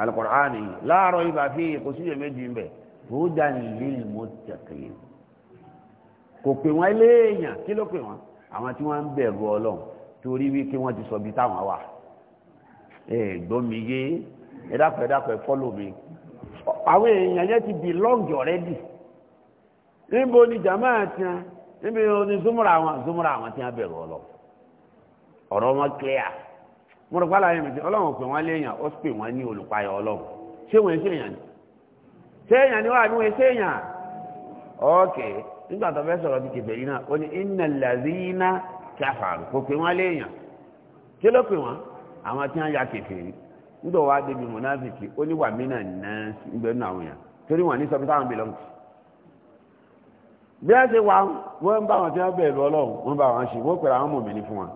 Al-Qur'ani láàárọ̀ ibà fi kò síyè méjì ń bẹ̀ hudan lil muttaqin kò pè wọ́n léèyàn kí ló pè wọ́n àwọn tí wọ́n ń bẹ̀rù Ọlọ́run torí wí kí wọ́n ti sọ bí táwọn wà ẹ̀ gbọ́mi yé ẹ dákun mi àwọn èèyàn yẹn ti belong already níbo ni jama níbi ni zumura àwọn zumura àwọn ti hàn ọlọ ọ̀rọ̀ wọn clear mo rò pàlàyé ọlọ́run pè wọ́n léèyàn ó pè wọ́n ní olùpayọ̀ ọlọ́run ṣé wọ́n ni wọ́n ya kẹfẹ́ ńgbọ̀ wá débi mọ̀náfìkì ó ní wà mínà náà ńgbẹ́nu àwọn èèyàn torí wọn ní sọ fún táwọn bìlọ́ǹtì bí wọ́n ṣe wà wọ́n ń bá wọn tí wọ́n bẹ̀rù ọlọ́run wọ́n bá wọn ṣe wọ́n pẹ̀lú àwọn mòmìnir fún wọn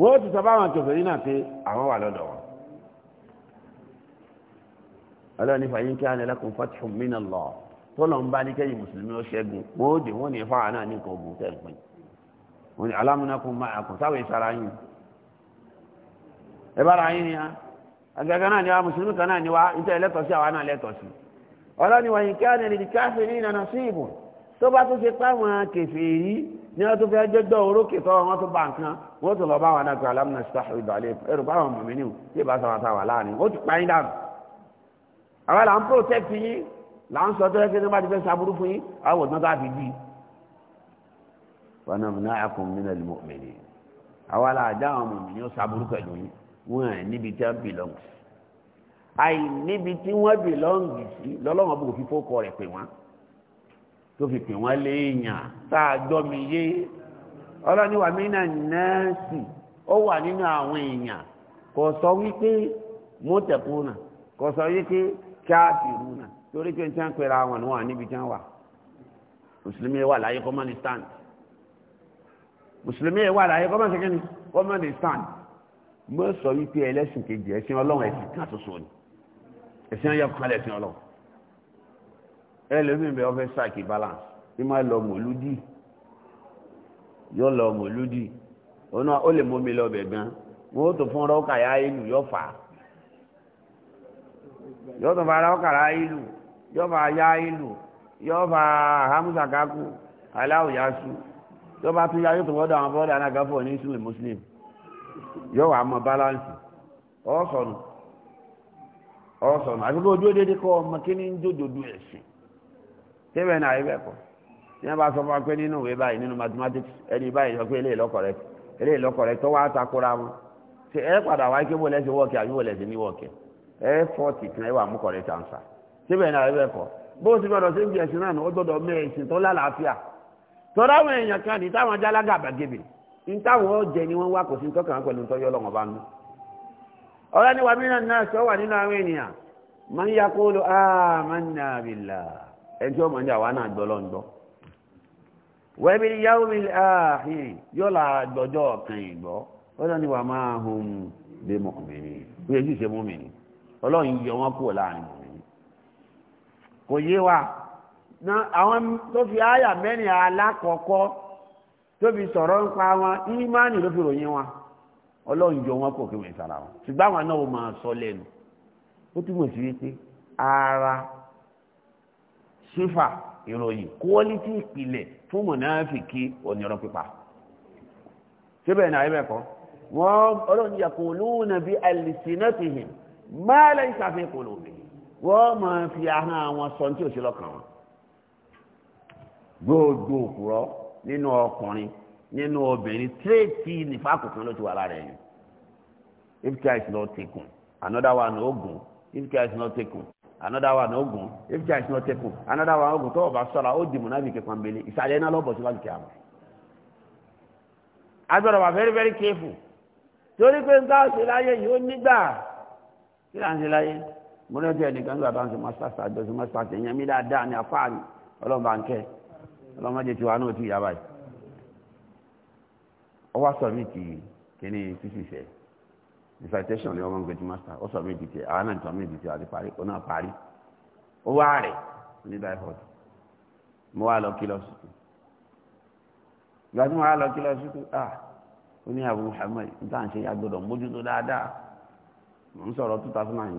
wọ́n ti sọ báwọn tòfẹ́ yìí náà pé àwọn wà lọ́dọ̀ wọn. ọlọ́run ìfà yín kí á nílẹ̀ kún fọ́tìfù mínà lọ tó lọ́n bá ní kẹ́yìn mùsùlùmí ó ṣẹ́gun wọ́n ó dé wọ́n ní fáwọn náà ní nǹkan ogun tẹ̀gbìn wọ́n ní alámúnákùn máa kùn sáwọn ìsara yín ẹ bára yín ni á àgbẹ̀gẹ́ náà ni wa mùsùlùmí kan náà ni wa ìtẹ́ ẹlẹ́tọ̀ọ́sí àwa náà lẹ́tọ̀ọ́sí ọlọ́ni wọ̀nyí kí á nìyí káfí ní ìlànà sí ìbò tó bá tó ṣe páwọn kèfèrí ní wọ́n tó fẹ́ jẹ́jọ́ orókè tọ́ wọn tó bá nǹkan wọ́n tó lọ bá wọn dàgbà alámúnà sítáhù ìdàlẹ́ ẹrù báwọn mọ̀mí ni tí ìbá sáwọn táwà láàrin ti pa dànù àwọn là ń protect yín là ń sọ tẹ́lẹ̀ kí wọ́n fẹ́ saburú fún yín àwọn òtún táà fi bí. wọn náà mú náà ẹkùn mí náà lè mọ̀mí àwọn là á dá àwọn mọ̀mí ni pẹ̀lú yín wọn à níbi tí wọ́n belong sí àì níbi tí wọ́n belong sí lọ́lọ́wọ́n bò fi fókọ rẹ̀ pè wọ́n tó fi pè wọ́n léèyàn tá a gbọ́ mi yé nẹ́ẹ̀sì ó wà nínú àwọn èèyàn kò sọ wípé mọ́tẹ̀kùn náà kò sọ wípé káàfìrú torí pé ni wọ́n níbi tí wọ́n wà mùsùlùmí mọ́ sọ wípé ẹlẹ́sìn kejì ẹ̀sìn ọlọ́run ẹ̀sìn kan ṣoṣo ni ẹ̀sìn ọyọ kan lẹ̀sìn ọlọ́run ẹlẹ́mìn bẹ́ẹ̀ ọfẹ́ sáàkì balance ní máa lọ mọ̀lúdì yóò lọ mọ̀lúdì ọ̀nà ó lè mú mi lọ bẹ̀ gan wọn ó tó fún rọ́ọ̀kà yá ìlú yóò fà á yóò tó fa rọ́ọ̀kà yá ìlú yóò fa yá ìlú yóò fa hamza kaku aláwòyá su yóò bá tún yá yóò tó wọ́dọ̀ àwọn bọ́ọ̀dà anágáfọ̀ ní sùn muslim. yọọ wà mọ báláǹsì ọ̀sọ̀nù ọ̀sọ̀nù ojú dédé kọ́ ọmọ kí ní jòjòdú ẹ̀sìn tẹ́bẹ̀ náà ẹgbẹ́ kọ́ tí wọ́n bá sọ fún wa pé nínú ìwé báyìí nínú mathematics ẹni báyìí sọ pé eléyìí lọ́kọ̀ rẹ eléyìí ẹ padà wáyé àbí ní ẹ wà mú tàǹsà náà bó ti sí náà ó ntáwọn jẹ ni wọn wá kò sí tọkàn pẹ̀lú ntọ́jú ọlọ́run ọba nù. ọ̀rọ̀ ni wàmí náà náà sọ wà nínú àwọn ènìyàn máa ń ya kó lo amanna billah ẹjọ́ ọmọ ní àwa náà gbọ́ lọ́ngbọ́. wẹ́bí yawmil akhir yóò la gbọ́jọ́ kan ìgbọ́ ọ̀rọ̀ ni wà máa hum bí mu'minin bí èyí ṣe mu'minin ọlọ́run yọ wọn kúrò láàrin mu'minin. kò yé wa àwọn tó fi àyà mẹ́rin alákọ̀ọ́kọ́ tóbi sọ̀rọ̀ ń pa wọn ìmánì ló fi ròyìn wọn ọlọ́run jọ wọn kò kéwòn ìsara wọn ṣùgbọ́n àwọn náà máa sọ lẹ́nu ó túmọ̀ sí wípé ara sífà ìròyìn kọ́ọ́lítì ìpìlẹ̀ fún mọ̀nàfìkì onírọ́ pípa síbẹ̀ náà ibẹ̀ kọ́ wọ́n ọlọ́run yaquluna bi alsinatihim ma laysa fi qulubihim wọ́n máa fi ahọ́n àwọn sọ ní wọn gbogbo òkúrọ́ nínú ọkùnrin nínú obìnrin tírètì nífàkù ló ti wà lára if christ not take on another one ogun if christ not take on another one ogun if christ take on another one ogun tó o bá sọ̀rọ̀ ó ìsàlẹ̀ iná lọ́bọ̀ a very very careful torí pé ń ká ṣe láyé yìí ó nígbà kí là ń ṣe láyé mo rẹ́ bí ló bá ń ṣe àjọṣe dáadáa ọlọ́mọdé tiwa náà ti yá báyìí ó wá sọ̀mìtì kíní fífìsẹ̀ dissertation lé ọmọ ń gbẹ̀jú master ó sọ̀mìtì tiẹ̀ àwọn náà sọ̀mìtì tiẹ̀ àti parí ó náà parí ó wá rẹ̀ ní difod mo wá lọ kí lọ sùkú ìgbà tí mo wá lọ kí lọ ah ó ní àbú Muhammad n tá à ń ṣe agbọ́dọ̀ mójútó dáadáa mo ń sọ̀rọ̀ two thousand and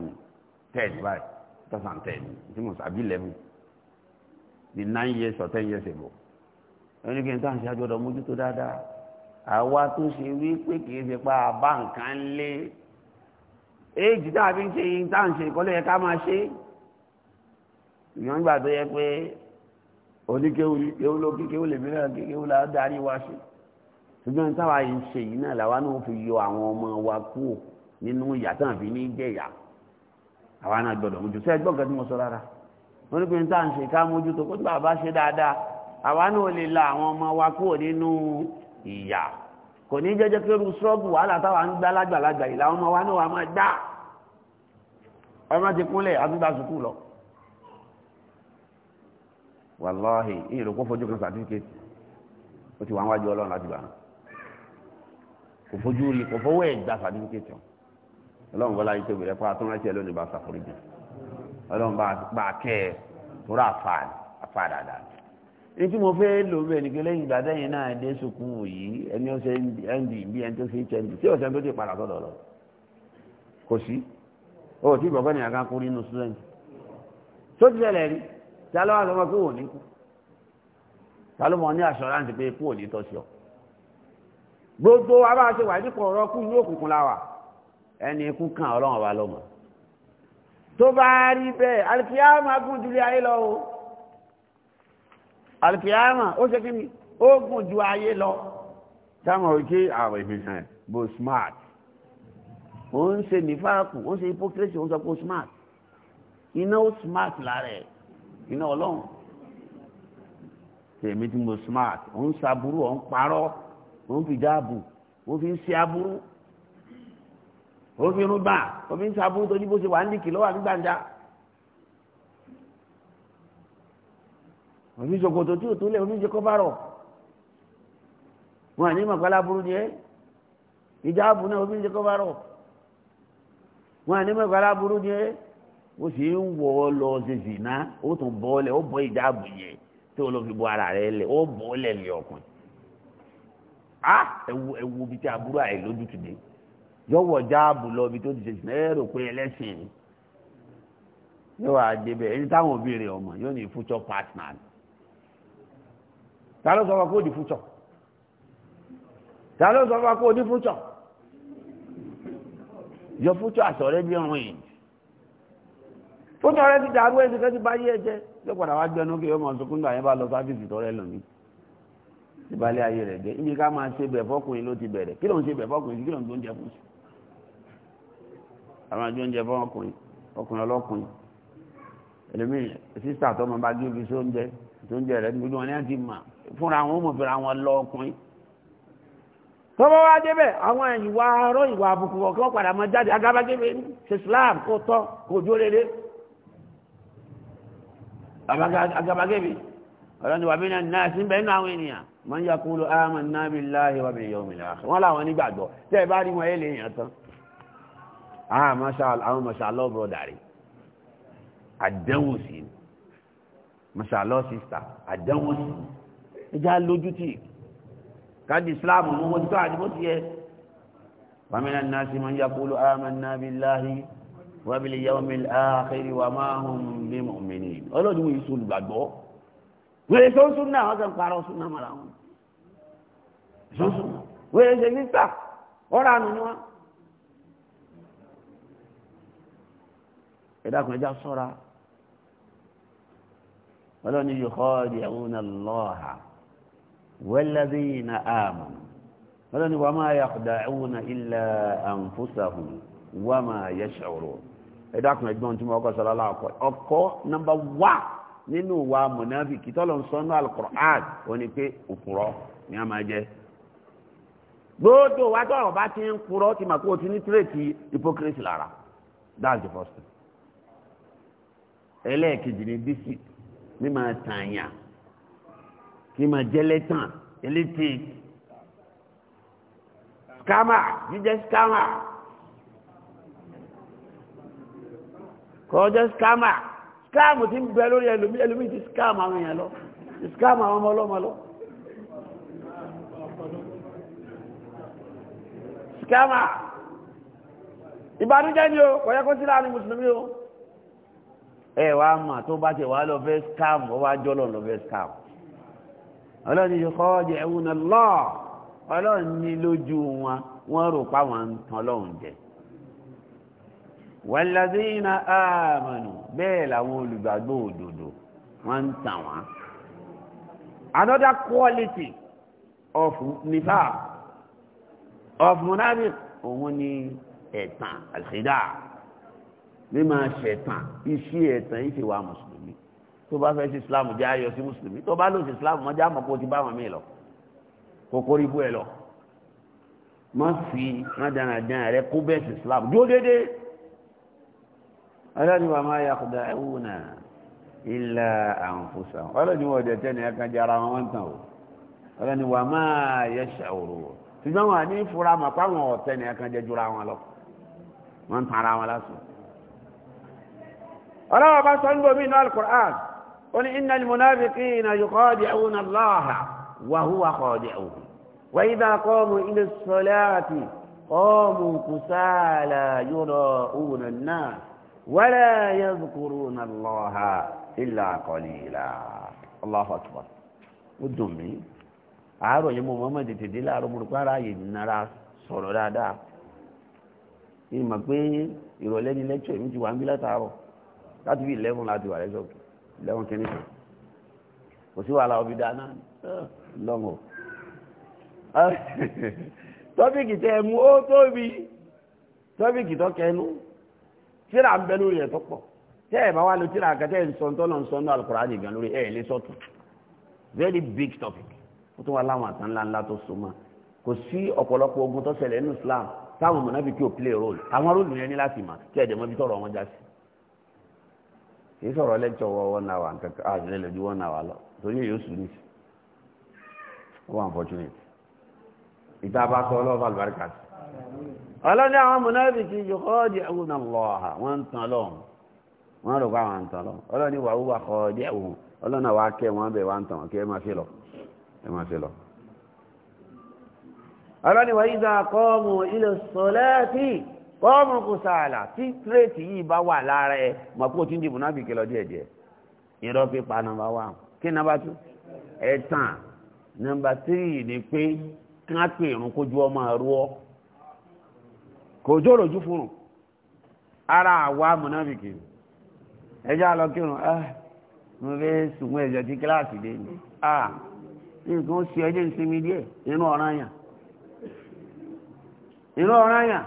ten báyìí two thousand and ten tí mo sàbí eleven the nine years or ten years ago ẹni kí n tó à ń ṣe àjọ̀dọ̀ mójútó dáadáa àwa tó ṣe wí pé kì í ṣe pa àbá nǹkan lé éèjì tá a fi ń ṣe yín tá à ń ṣe ìkọ́lẹ̀ yẹn ká máa ṣe ìyọ́n gbà tó yẹ pé oníkéwú ló kéwú lè mìíràn kéwú la darí wa ṣe ṣùgbọ́n táwa yìí ń ṣe yìí náà làwa náà fi yọ àwọn ọmọ wa kúrò nínú ìyà táwọn fi ní jẹ̀yà àwa náà gbọ́dọ̀ mójútó ẹgbọ́n kan tí mo sọ rárá onípin tá à ń ṣe ká mójútó kó tó bàbá ṣe dáadáa àwa náà lè la àwọn ọmọ wa kúrò nínú ìyà kò ní jẹ́jẹ́ pé irú sọ́ọ̀bù wàhálà táwa ń gbá lágbàlagbà yìí làwọn ọmọ wa náà wà máa gbá ọmọ ti kúnlẹ̀ àtúgbà sùkúù lọ wàláhì ìrò kó fojú kan sàtífíkẹ́tì ó ti wà wájú ọlọ́run láti gbà kò fojú rí kò fowó ẹ̀ gba sàtífíkẹ́tì ọlọ́run wọlá yìí tó bẹ̀rẹ̀ fún atúnrántí ẹ̀ lónìí bá sàforíjì ọlọ́run bá kẹ́ ẹ̀ tó rà fà dáadáa ní tí mo fẹ́ lò bẹ́ẹ̀ ní kí lẹ́yìn ìgbà tẹ́yìn náà dé sukùn yìí ẹni ọ̀sẹ̀ ndì bí ẹni tó ṣe hnd tí ọ̀sẹ̀ tó ti padà sọ̀dọ̀ lọ kò sí o tí bọ̀bọ́ ni àga kú nínú student tó ti ṣẹlẹ̀ rí tí alọ́ wa sọ ma pé wò ní kú ta ló mọ ní assurance pé kú ò ní tọ́sí ọ gbogbo wa bá ṣe wà ní kọ̀ọ̀rọ̀ kú ní òkùnkùn la wà ẹni ikú kan ọlọ́run wa lọ́mọ tó bá rí bẹ́ẹ̀ alkiyama gùn jù lé ayé lọ o alkiyama ó ṣe kí ni ó gùn jù ayé lọ táwọn òkè àwọn ìfihàn bó smart ó ń ṣe nífàkù ó ń ṣe hypocrisy ó ń sọ pé smart iná ó smart lára ẹ̀ iná ọlọ́run tèmi tí mo smart ó ń ṣaburú ó ń parọ́ ó ń fi dáàbò ó fi ń ṣe aburú òfin rúgbà òfin sábú torí bó ṣe wà ń dìkì lọ́wọ́ gbàǹjà òfin ṣòkòtò tí ò tó lẹ̀ òfin ṣe kọ́bárọ̀ wọn àní mọ̀pálá burú ni ẹ́ ìjáàbù náà òfin ṣe kọ́bárọ̀ wọn àní mọ̀pálá burú ni ẹ́ ó sì ń wọ̀ ọ́ lọ ṣèṣì ná ó tún bọ́ lẹ̀ ó bọ́ ìjáàbù yẹn tí ó lọ fi bọ́ ara rẹ̀ lẹ̀ ó bọ́ lẹ̀ lẹ̀ ọkùnrin ah ẹwu ẹwu bíi tí aburú àìlójútùú dé yọwọ jáàbù lọ ibi tó ti ṣe ṣìnà ẹ rò pé ẹlẹ́sìn yóò wá débẹ̀ ẹni táwọn òbí rẹ̀ ọmọ yóò ní future partner ta ló sọ fún wa kó di future ta ló sọ fún wa kó di future your future àtọ̀rẹ́ bí ọ̀run yìí future rẹ ti dàrú ẹsẹ̀ kẹ́sì bá yé ẹjẹ́ yóò padà wá gbẹnu kí yóò mọ̀ sókún nígbà yẹn bá lọ sáfíìsì tọ́rẹ́ lónìí ìbálẹ̀ ayé rẹ̀ jẹ́ ibi ká máa ṣe bẹ̀ fọ́kùnrin ló ti bẹ̀rẹ̀ kí ló ṣe bẹ̀ fọ́kùnrin kí ló tó ń jẹ fún sí àwọn àjọ oúnjẹ fún ọkùnrin ọkùnrin ọlọ́kùnrin ẹlòmí sísà tó máa bá gé ibi sí oúnjẹ tó ń jẹ rẹ gbogbo wọn ní àti mà fúnra wọn ó mọ̀ fúnra wọn lọ ọkùnrin tó bá wá débẹ̀ àwọn ìwà arọ́ ìwà àbùkù ọ̀kan padà mọ jáde agabagébé ṣe Islam kó tọ́ kó jó lédè agabagébé ọlọ́ni wà náà náà sí bẹ́ẹ̀ náà àwọn ènìyàn man yaqulu amanna billahi wa bil yawmil akhir wọ́n láwọn nígbàgbọ́ tẹ́ ẹ bá rí wọn ẹ lè yàn tán Ah, àwọn mashallah brother rí àdánwò sí ni mashallah sister àdánwò sí ni ẹjá lójú tí káàdì islam mú wọ́n tó àdìbò ti yẹ wa minan nasi man yaqulu amanna billahi wa bil yawmil akhir wa ma hum bi mu'minin ọlọ́dún yìí sùn gbàgbọ́ wẹ́rẹ́ tó ń sún náà wọ́n kàn parọ́ sún náà mọ́ra wọn sún sún wẹ́rẹ́ ṣe níta ọ̀rọ̀ àná ni ìdákùn ẹjá sọ́ra ọlọ́ni yukhadi'una Allaha walladhina amanu ọlọ́ni wa ma yakhda'una illa anfusahum wa ma yash'urun ìdákùn ẹgbọ́n tí mo kọ́ sọ́ra láàkọ́ ọkọ́ nọ́mbà wá nínú wa mọ̀nàfíkì tọ́lọ̀ ń sọ́nà al-Qur'an ó ní pé òkúrọ́ ni máa jẹ́ gbogbo wa tọ́rọ̀ bá ti ń kúrọ́ ti that's the first thing ẹlẹ́ẹ̀kejì ni bísí ní máa tààyàn kí máa jẹ́lẹ́ tàn eléte skama jíjẹ́ skama kọjẹ́ skama skamu ti ń bẹ lórí ẹlòmí ẹlòmí ti skama àwọn èèyàn lọ ti skama àwọn ọmọ ọlọ́mọ lọ skama ìbànújẹ́ ni o kọ̀yẹ́ kó mùsùlùmí o ẹ wá mà tó bá ti wà lọ fẹ́ scam ó wá jọ́lọ̀ lọ fẹ́ scam ọlọ́run ti kọ́ jẹ ẹ̀wùn náà lọ́ ọlọ́run ní lójú wọn wọ́n rò pa wọn ń tan ọlọ́run jẹ wàlàdínà àmàlù bẹ́ẹ̀ làwọn olùgbàgbọ́ òdodo wọ́n ń tàn wọ́n another quality of nifaq of munafiq òun ni ẹ̀tàn àṣídà mímọ ṣẹ̀tàn iṣẹ́ ẹ̀tàn iṣẹ́ wa mùsùlùmí tó bá fẹ́ ṣe islam jẹ́ ayọ̀ sí mùsùlùmí tó bá lò sí islam mọ́jà mọ̀ kó ti bá wọn mí lọ kókó rí bú ẹ lọ má fi rádaràdà rẹ kó bẹ́ẹ̀ sí islam dúró déédéé ọlọ́ni wa máa yà kúdà ẹ̀wùnà ilà àǹfọ̀sà ọlọ́ni wọ́n dẹ̀ tẹ́ni ẹ̀kan jẹ́ ara wọn tán o ọlọ́ni wa máa yẹ ṣàwòrò ṣùgbọ́n wọn àní fura mọ̀ pé àwọn ọ̀tẹ́ni ẹ̀kan jẹ́ jura wọn lọ wọ́n ń ara wọn lásìkò ọlọ́wọ́ bá sọ ń gbò mí náà al-Qur'an ó ní inna al-munafiqina yukhadi'una Allaha wa huwa khadi'uhum wa idha qamu ila as-salati qamu kusala yura'una an-nas wa la yadhkuruna Allaha illa qalila Allahu akbar ó dùn mí àárọ̀ yìí mo mọ́mọ́ tètè dé láàárọ̀ mo rò pé ara yìí nara sọ̀rọ̀ dáadáa ìmọ̀ pé ìrọ̀lẹ́ ni lẹ́kṣọ̀ mi ti wà ń bí látàárọ̀ láti bí eleven láti wà lẹ́sọ̀ eleven kìíní kan kò sí wàhálà ọbí dáná eh, lọ́wọ́ tọ́pìkì tẹ́ ẹ mú ó tóbi tọ́pìkì tó kẹnu tíra ń bẹ lórí ẹ̀ tó pọ̀ tẹ́ ẹ̀ bá wà lọ tíra àkàtẹ́ ìsọ̀ntọ́ náà ń sọ ní Al-Qur'ani gan lórí ẹ̀ lé sọ́tù very big topic ó tún wà láwọn àtàn ńláńlá tó so mọ́ kò sí ọ̀pọ̀lọpọ̀ ogun tó ṣẹlẹ̀ nínú Islam táwọn mọ̀nàbí kí o play role àwọn róòlù yẹn ní láti mà kí ẹ̀dẹ̀ mọ́bí tọ̀rọ̀ wọn já sí kì í sọ̀rọ̀ lẹ́jọ́ wọ́wọ́ náà wà kankan àjẹ́ lẹ́jọ́ wọ́n náà wà lọ torí èyí ó sùn ní wọ́n unfortunate ìta bá sọ ọlọ́ọ̀bá àlùbáríkà sí ọlọ́ni àwọn mùnáfìkì yòkọ́ọ̀dì kọ́ọ̀dì ẹ̀hún ọlọ́nà wa kẹ́ wọ́n ń tàn kí kọ́ọ̀mù kò sàálà tí tírètì yìí bá wà lára ẹ mọ̀ pé ń dìbò náà bìkì lọ díẹ̀díẹ̀ irọ́ pípa nọmba wà kí nọ́mbà tú ẹ̀tàn tírì ni pé ara àwa ẹjọ́ àlọ́ kírun ẹ ah, mo fẹ́ sùnmọ́ tí kíláàsì dé ni ah, nǹkan ó ṣe ẹjẹ́ ìsinmi díẹ̀ inú ọ̀ràn yàn inú ọ̀ràn yàn.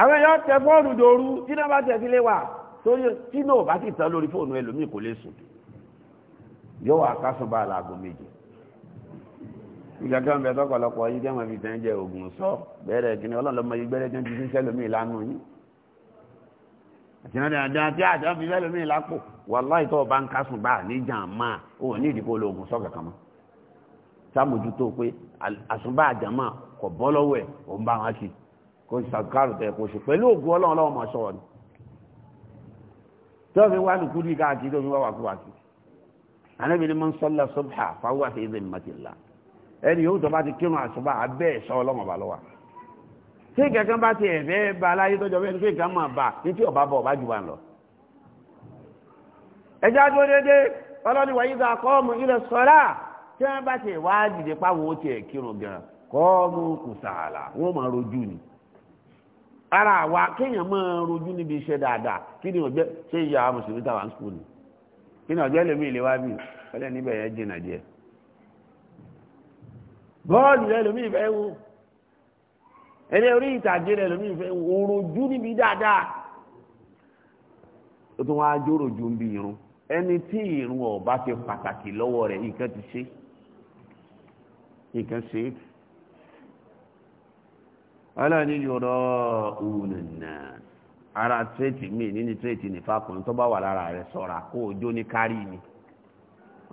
àwọn èèyàn tẹ fóònù dòru tí náà bá tẹ̀ sílé wà torí tí náà bá ti tán lórí fóònù ẹlòmíì kò lè sùn yóò wà kásùn bá àlàgò méje ìgbà kan bẹ tọ̀pọ̀lọpọ̀ yìí dẹ́mọ̀ fi tẹ́ ń jẹ ògùn sọ bẹ́ẹ̀rẹ̀ kìíní ọlọ́lọ́mọ yìí gbẹ́rẹ́ tí ó ti fi sẹ́lòmíì lánàá yìí àti náà dáadáa tí àjọ fi sẹ́lòmíì lápò wàláì tó bá ń kásùn bá níjà máa ó ní ìdìbò ológun sọ kankan mọ́ sàmójútó pé àsùnbà àjàmà kò bọ́ lọ́wọ́ ẹ̀ òun bá wọn kì í kò ṣàkárù tẹ kò ṣe pẹ̀lú ògùn ọlọ́run ọlọ́run máa sọ̀rọ̀ ni tí wọ́n fi wá lùkú ní káàkiri tó fi wá wàkúwàkú anábì ni man salla subha fáwọn àti ìdè mọ́tìlá ẹni yóò tó bá ti kírun àṣùbà abẹ́ ẹ̀ṣọ́ ọlọ́run ọba lọ́wà tí kankan bá ti ẹ̀fẹ́ ba aláyé tọ́jọ́ bẹ́ẹ̀ ni pé kan máa bà ní tí ọba bọ̀ ọba jù wà lọ ẹjá kọ́ọ̀mù kùsàlà wọ́n máa rojú ni ara àwa kéèyàn máa rojú níbi iṣẹ́ dáadáa kí ni ọ̀jẹ́ ṣé ìyá mùsùlùmí tàwa ń sùkúlù kí ni ọ̀jẹ́ lèmi ìléwá mi ọlẹ́ níbẹ̀ yẹn jìnnà díẹ̀ bọ́ọ̀lù rẹ lèmi ìfẹ́ wò ẹni orí ìtàgé rẹ lèmi ìfẹ́ wò òròjú níbi dáadáa ó tún wá jóròjú ń bí irun ẹni tí irun ọba pàtàkì lọ́wọ́ ti ṣe ọlọ́ni yọ̀rọ̀ ònàna ara tírètì mi nínú tírètì nìfà kan tó bá wà lára rẹ̀ sọ̀ra kó o jó ní kárí mi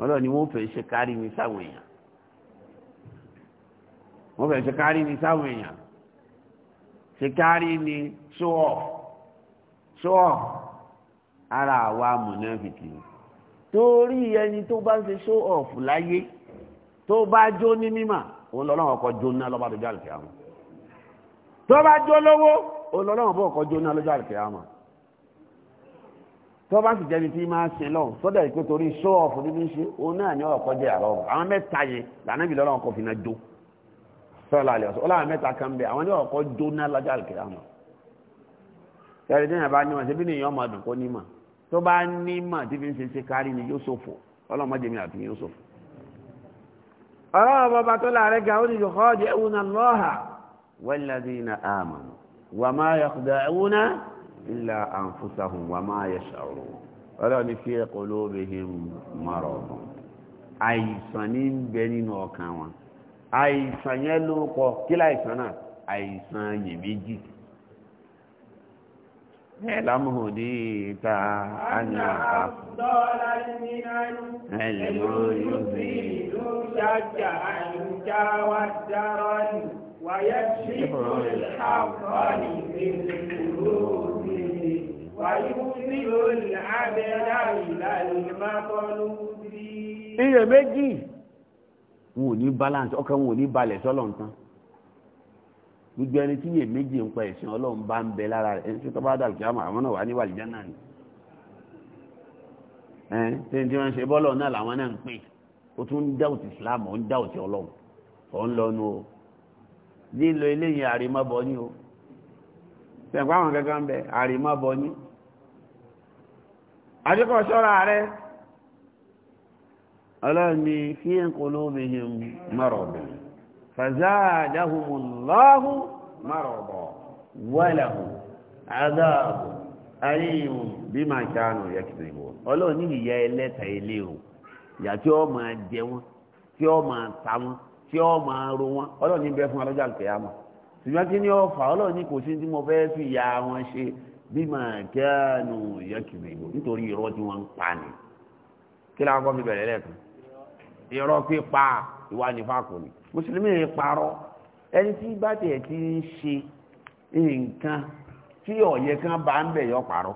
ọlọ́ni wọ́n fẹ́ ṣe kárí mi sáwọn èèyàn wọ́n fẹ́ ṣe kárí mi sáwọn èèyàn ṣe kárí mi ṣọ́ọ̀ ṣọ́ọ̀ ara àwa mùnáfìkì torí ẹni tó bá ń ṣe ṣọ́ọ̀ fúláyé tó bá jó ní mímà òun lọ́lọ́wọ́ kọ jóná lọ́bàdójú àlùkìyàmù tó bá jó lówó olólọ́wọ́n bọ̀ kọjú ní alójú àrùkẹ́ àmọ́ tó bá sì jẹ́bi tí máa ṣe lọ́wọ́ tó dẹ̀ pé torí ṣó ọ̀fù ní bí ṣe òun náà ní ọ̀kọ́ jẹ́ àrọ́ àwọn mẹ́ta yẹn lànàbí lọ́wọ́ kọ fi náà jó sọ́ọ̀lá àlẹ́ ọ̀sọ́ ọlọ́wọ́ mẹ́ta kan bẹ àwọn ní ọ̀kọ́ jó ní alójú àrùkẹ́ àmọ́ ẹ̀rí tí yẹn bá nímọ̀ ṣe bí tó láàrẹ́ ga ó ọ̀dẹ́ ẹ̀wù náà lọ́hàá والذين آمنوا وما يخدعون إلا أنفسهم وما يشعرون ولن في قلوبهم مرض àìsàn ní ń bẹ nínú ọkàn wọn àìsàn yẹn ló kọ kí láìsàn náà àìsàn yèméjì ẹ̀lámùhùdí ìta àná àpapọ̀ ẹ̀lẹ́mọ̀ yóò ويكشف الحق من قلوبهم ويرسل العدل إلى المطلوب iyèméjì wọn ò ní balance ọkàn wọn ò ní balẹ̀ sọ́lọ̀ nǹkan gbogbo ẹni tí iyèméjì ń pa ẹ̀sìn ọlọ́run bá ń bẹ lára rẹ̀ ẹni tí tọ́ bá dàrú kí á máa àwọn náà wà ní wàlìjá náà ni ẹ̀ tí tí wọ́n ṣe bọ́lọ̀ náà làwọn náà ń pè ó tún ń dáwọ̀tì Islam ó ń dáwọ̀tì ọlọ́run ọ̀ ń lọ́nu o lílo eléyìn àrímọ́bọ ní o ṣẹ̀pá àwọn gẹ́gẹ́ bẹ àrímọ́bọ ní àdíkọ̀ ṣọ́ra rẹ̀ ọlọ́ni fi ń kò lóbihìn mọ́rọ̀bọ̀ fàzáàdáhùmùláhù mọ́rọ̀bọ̀ wọ́lẹ̀hù adáàbù aríhùn bí máa ṣáànù yẹ́kìtìbò ọlọ́ni jẹ wọn tí ó ta wọn tí ó máa ro wọn ọlọ́ọ̀ni bẹ fún alọ́jà kẹyàmọ̀ ṣùgbọ́n kí ni ó fà ọlọ́ọ̀ni kò sí tí mo fẹ́ fi ya wọn ṣe bí màá kẹ́ẹ̀nù yẹkìlì ìbò nítorí irọ́ tí wọ́n ń pa ni kí láwọn kọ́ fi bẹ̀rẹ̀ lẹ́ẹ̀kan irọ́ pípa ìwà nífà kò ní mùsùlùmí ń parọ́ ẹni tí bá tiẹ̀ ti ń ṣe nǹkan tí ọ̀yẹ́ kan bá ń bẹ̀ yọ parọ́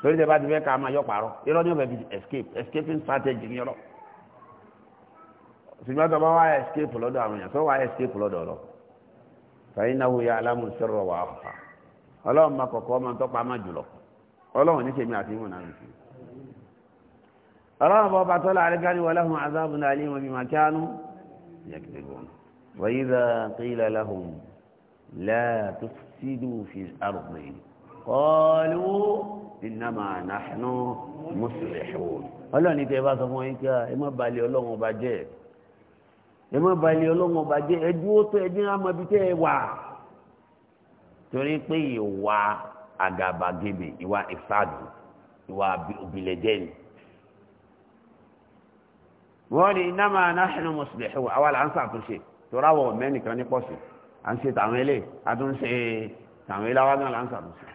torí tẹ bá ti fẹ́ ká máa yọ parọ́ irọ́ ṣùgbọ́n tó bá wá escape lọ́dọ̀ àwọn èèyàn tó wá escape lọ́dọ̀ lọ fàyín náà wòye alámù sọ̀rọ̀ wà ọ̀fà ọlọ́run máa kọ̀kọ́ ọmọ tó pa má jùlọ ọlọ́run ní sèmi àti ìmọ̀nà rẹ̀ ọlọ́run bọ́ bàtọ́ la àríkà ni wàlẹ́hùn azábùn àlẹ́ wọn bí màkánú yẹkẹ̀dẹ̀gbọ́n wàyí dà qila lahum la tufsidu fi ardi qalu innama nahnu muslihun ọlọ́run ní tẹ́ bá sọ fún wọn kí ẹ má balẹ̀ ọlọ́run ọba jẹ́ ẹ̀ ẹ má balẹ̀ ọlọ́wọ́n bàjẹ́ ẹdúró tó ẹdín amọ̀bí tẹ́ ẹ wà torí pé ìwà àgàbàgebè ìwà ìfàdù ìwà òbílẹ̀jẹ́ ni wọ́n ní iná máa náṣẹ́nu mùsùlùmí ẹ̀wọ̀ àwọn là ń ṣàtúnṣe toráwọ̀ mẹ́nìkan ní pọ̀sì à ń ṣe tàwọn ilé àtúnṣe tàwọn ilé àwọn náà là ń ṣàtúnṣe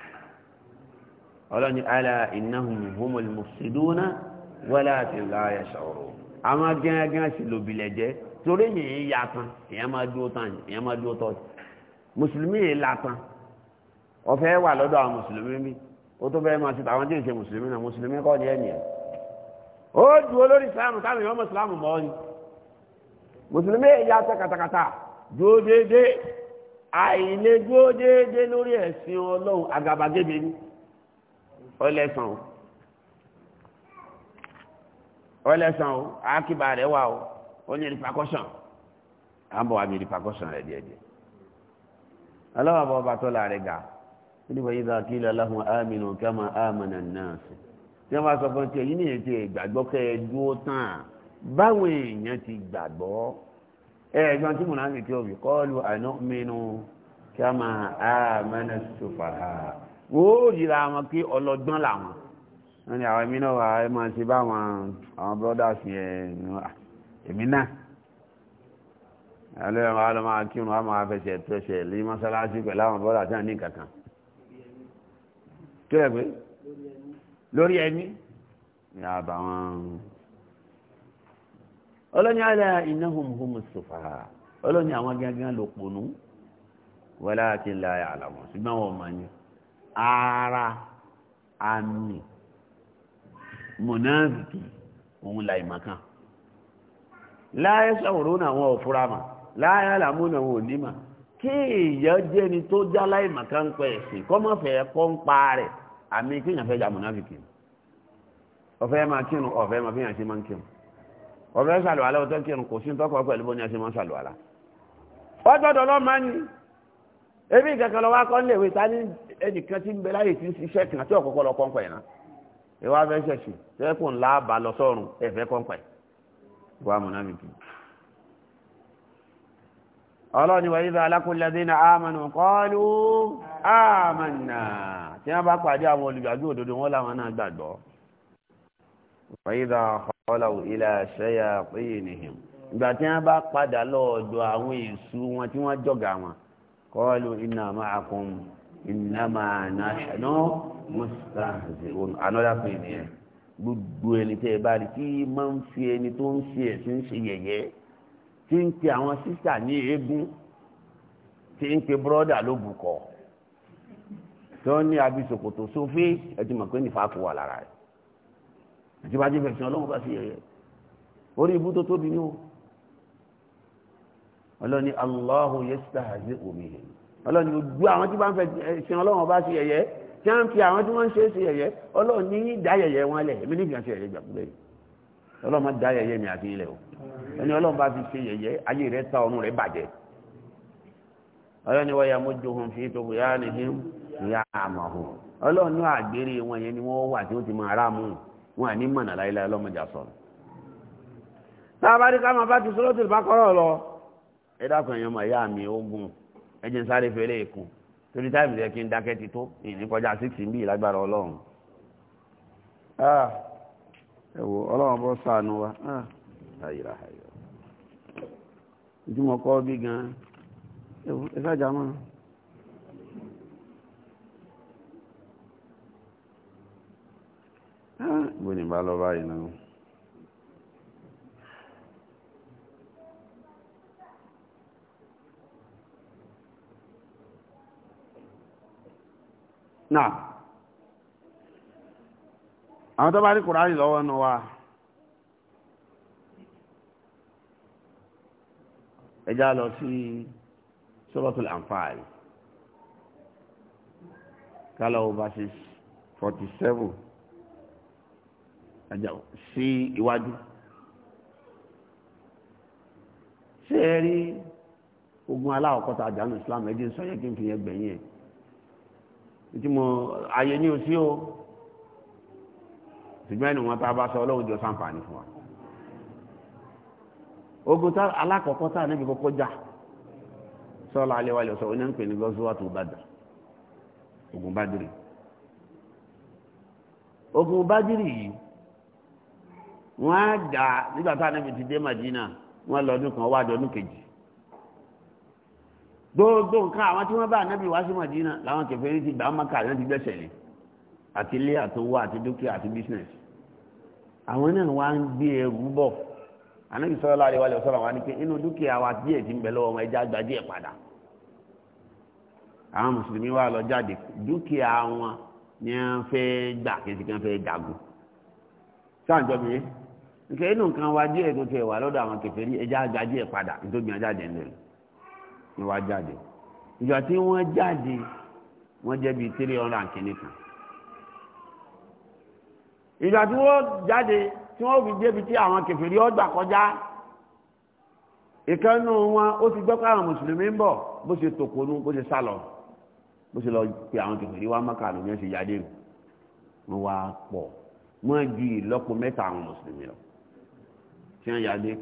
ọlọ́ni alá innahum humul mufsiduna wala ti láyà àwọn gẹ́gẹ́ sí lòbílẹ̀jẹ́ torí yìí ya tán èèyàn máa dúró tán èèyàn máa dúró tọ́ mùsùlùmí yìí la tán ọ̀fẹ́ wà lọ́dọ̀ àwọn mùsùlùmí mi ó tó fẹ́ máa ṣe tàwọn tí ì ṣe mùsùlùmí náà mùsùlùmí kọ́ ni ẹ̀nìyàn ó dúró lórí ìsìlámù táwọn èèyàn mùsùlùmí mọ́ ni mùsùlùmí yìí ya tán katakata dúró déédéé àìlè dúró déédéé lórí ẹ̀sìn ọlọ́run àgàbàgebè ni ọlẹ́sàn o ọlẹ́sàn o àákìbà wà o ó ní repercussion à ń bọ̀ wá bí repercussion rẹ̀ díẹ̀ díẹ̀ aláwọ̀ bọ̀ bá tọ́lá rẹ̀ ga nígbà yìí bá kí lọ́láhùn ámìnú kama ámìnà náà sí tí wọ́n bá sọ fún ti èyí nìyẹn ti ìgbàgbọ́ kẹ́ ẹ dúró tán báwọn èèyàn ti gbàgbọ́ ẹ̀ẹ́dùn tí mo náà sì òbí kọ́ọ̀lù àná mìnú kama ámìnà sùfàhà wọ́n yìíra wọn pé ọlọ́gbọ́n làwọn wọ́n ní àwọn mìíràn wà ẹ máa ṣe báwọn àwọn brothers yẹn èmi náà ẹlẹ́yìn àwọn alọ́ máa kírun á máa fẹsẹ̀ tẹsẹ̀ lé mọ́sálásí pẹ̀lú àwọn bọ́lá àti àní kankan kí lẹ́ pé lórí ẹni yà bà wọn ọlọ́ni àlẹ́ iná hùmùhùmù sùfàá ọlọ́ni àwọn gángan ló pònú wọlé àti ilẹ̀ àlàmọ̀ ṣùgbọ́n wọn mọ̀ ní ara àmì mọ̀nàfìkì òun láì mọ̀kàn. láyé sọ̀rọ̀ náà wọn ò fura ma láyé àlàmú náà wọn ò ní kí èèyàn jẹ́ni tó já láì màkà ń pẹ́ ẹ̀sìn kọ́mọ̀fẹ́ kọ́ ń pa rẹ̀ àmì kíyàn fẹ́ jà mùnáfìkì ọ̀fẹ́ máa kírun ọ̀fẹ́ máa fíyàn sí máa ń kírun ọ̀fẹ́ ọ̀tọ́ kírun kò sí tọ́kọ̀ pẹ̀lú a ṣe máa ń sàlùwàlá ọjọ́dọ̀ lọ máa ní ebi ń bẹ ń ṣiṣẹ́ kan wà mùnáfìkì ọlọ́ni wà ìzà alákùnlẹ́dínà àmànà kọlu àmànà tí wọ́n bá pàdé àwọn olùgbàgbé òdodo wọn láwọn náà gbàgbọ́ wà ìzà ọlọ́wù ilẹ̀ ṣẹ́yà péye nìyẹn ìgbà tí wọ́n bá padà lọ́ọ̀dọ̀ àwọn èṣù wọn tí wọ́n jọ̀gà wọn kọlu iná gbogbo ẹni tẹ́ ẹ bá rí tí máa ń fi ẹni tó ń ṣe ẹ̀sìn ṣe yẹ̀yẹ́ tí ń pe àwọn sísà ní eégún tí ń pe bọ́dà ló bùkọ́ tí wọ́n ní abisokoto sófin ẹ ti mọ̀ pé nífa kò wà lára rẹ̀ àti bá ti fẹ̀ sìn ọlọ́run bá ṣe yẹ̀yẹ́ orí ibú tó tóbi ní o ọlọ́ni Allahu yẹ́sítà àti omi ọlọ́ni ojú àwọn tí bá ń fẹ́ sìn ọlọ́run bá ṣe yẹ̀yẹ́. tí a ń fi àwọn tí wọ́n ń ṣe é sí ẹ̀yẹ ọlọ́run ní dáyẹyẹ wọn lẹ̀ èmi nígbà tí ẹ̀yẹ gbàgbé ọlọ́run dáyẹyẹ mi àti ilẹ̀ o ẹni ọlọ́run bá fi ṣe yẹyẹ ayé rẹ ta rẹ bàjẹ́ ọlọ́run ya mójú ohun fi tó bóyá ni hù ọlọ́run ní àgbèrè wọn yẹn ni wọ́n wà tí ti máa rà mú wọn àní mọ̀nà torí táìmù yẹ kí n dákẹ́ ti tó ìní kọjá síkì ń bí ìlágbára ọlọ́run ah, ẹ̀wọ̀ ọlọ́run bọ́ sànù wa àyíra àyíra ìjúmọ̀kọ́ bí gan ẹ̀wọ̀ ẹ̀sájà mọ́ ah, bó ni bá lọ báyìí náà náà àwọn tó bá rí kùránì lọ́wọ́ nù wa ẹjá lọ sí suratul Anfal kálọ̀ verses 47 ẹjá sí iwájú ṣé ẹ rí ogun aláwọ̀kọ́ta àjánù Islam ẹ̀dín sọ yẹ kí n fi yẹn gbẹ̀yìn ẹ̀ tí mo ayé ní o sí o ṣùgbọ́n ẹni wọn tá a bá sọ ọlọ́run jọ ṣàǹfààní fún wa ogun tá alákọ̀ọ́kọ́ tá níbi kọ́kọ́ jà sọ́ọ́lá alẹ́ wa lè sọ oní ń pè ní gọ́sùwà tó bá dà ogun Bádìrì ogun Bádìrì yìí wọ́n á jà nígbà tá níbi ti dé Màdínà wọ́n lọ́dún kan wájú ọdún kejì gbogbo nǹkan àwọn tí wọ́n bá ànábì wá sí mọ̀dínà láwọn ti gbà mọ́kà náà ti gbẹ́sẹ̀ lé àti ilé àtowó àti dúkìá àti business àwọn náà wá ń gbé ẹrù bọ̀ ànábì sallallahu alaihi wa sallam wá ní pé inú dúkìá wa díẹ̀ ti ń lọ́wọ́ ẹja gba díẹ̀ padà àwọn mùsùlùmí lọ jáde dúkìá wọn ni wọ́n fẹ́ gbà kí n sì wa díẹ̀ tó tẹ̀ wà lọ́dọ̀ àwọn ẹja gba díẹ̀ padà nítorí ni wàá jáde ìjọ tí wọ́n jáde wọ́n jẹ́ bíi three hundred and kìíní kan ìjọ tí wọ́n jáde tí wọ́n fi débi tí àwọn kẹfìrí ọgbà kọjá ìkànnù wọn ó ti gbọ́ pé àwọn mùsùlùmí ń bọ̀ bó ṣe tòkónú bó ṣe sálọ bó ṣe lọ pe àwọn kẹfìrí wá mọ́kà lómi ẹ̀ ṣe jáde nù wọ́n wá pọ̀ wọ́n ju ìlọ́po mẹ́ta àwọn mùsùlùmí lọ tí wọ́n jáde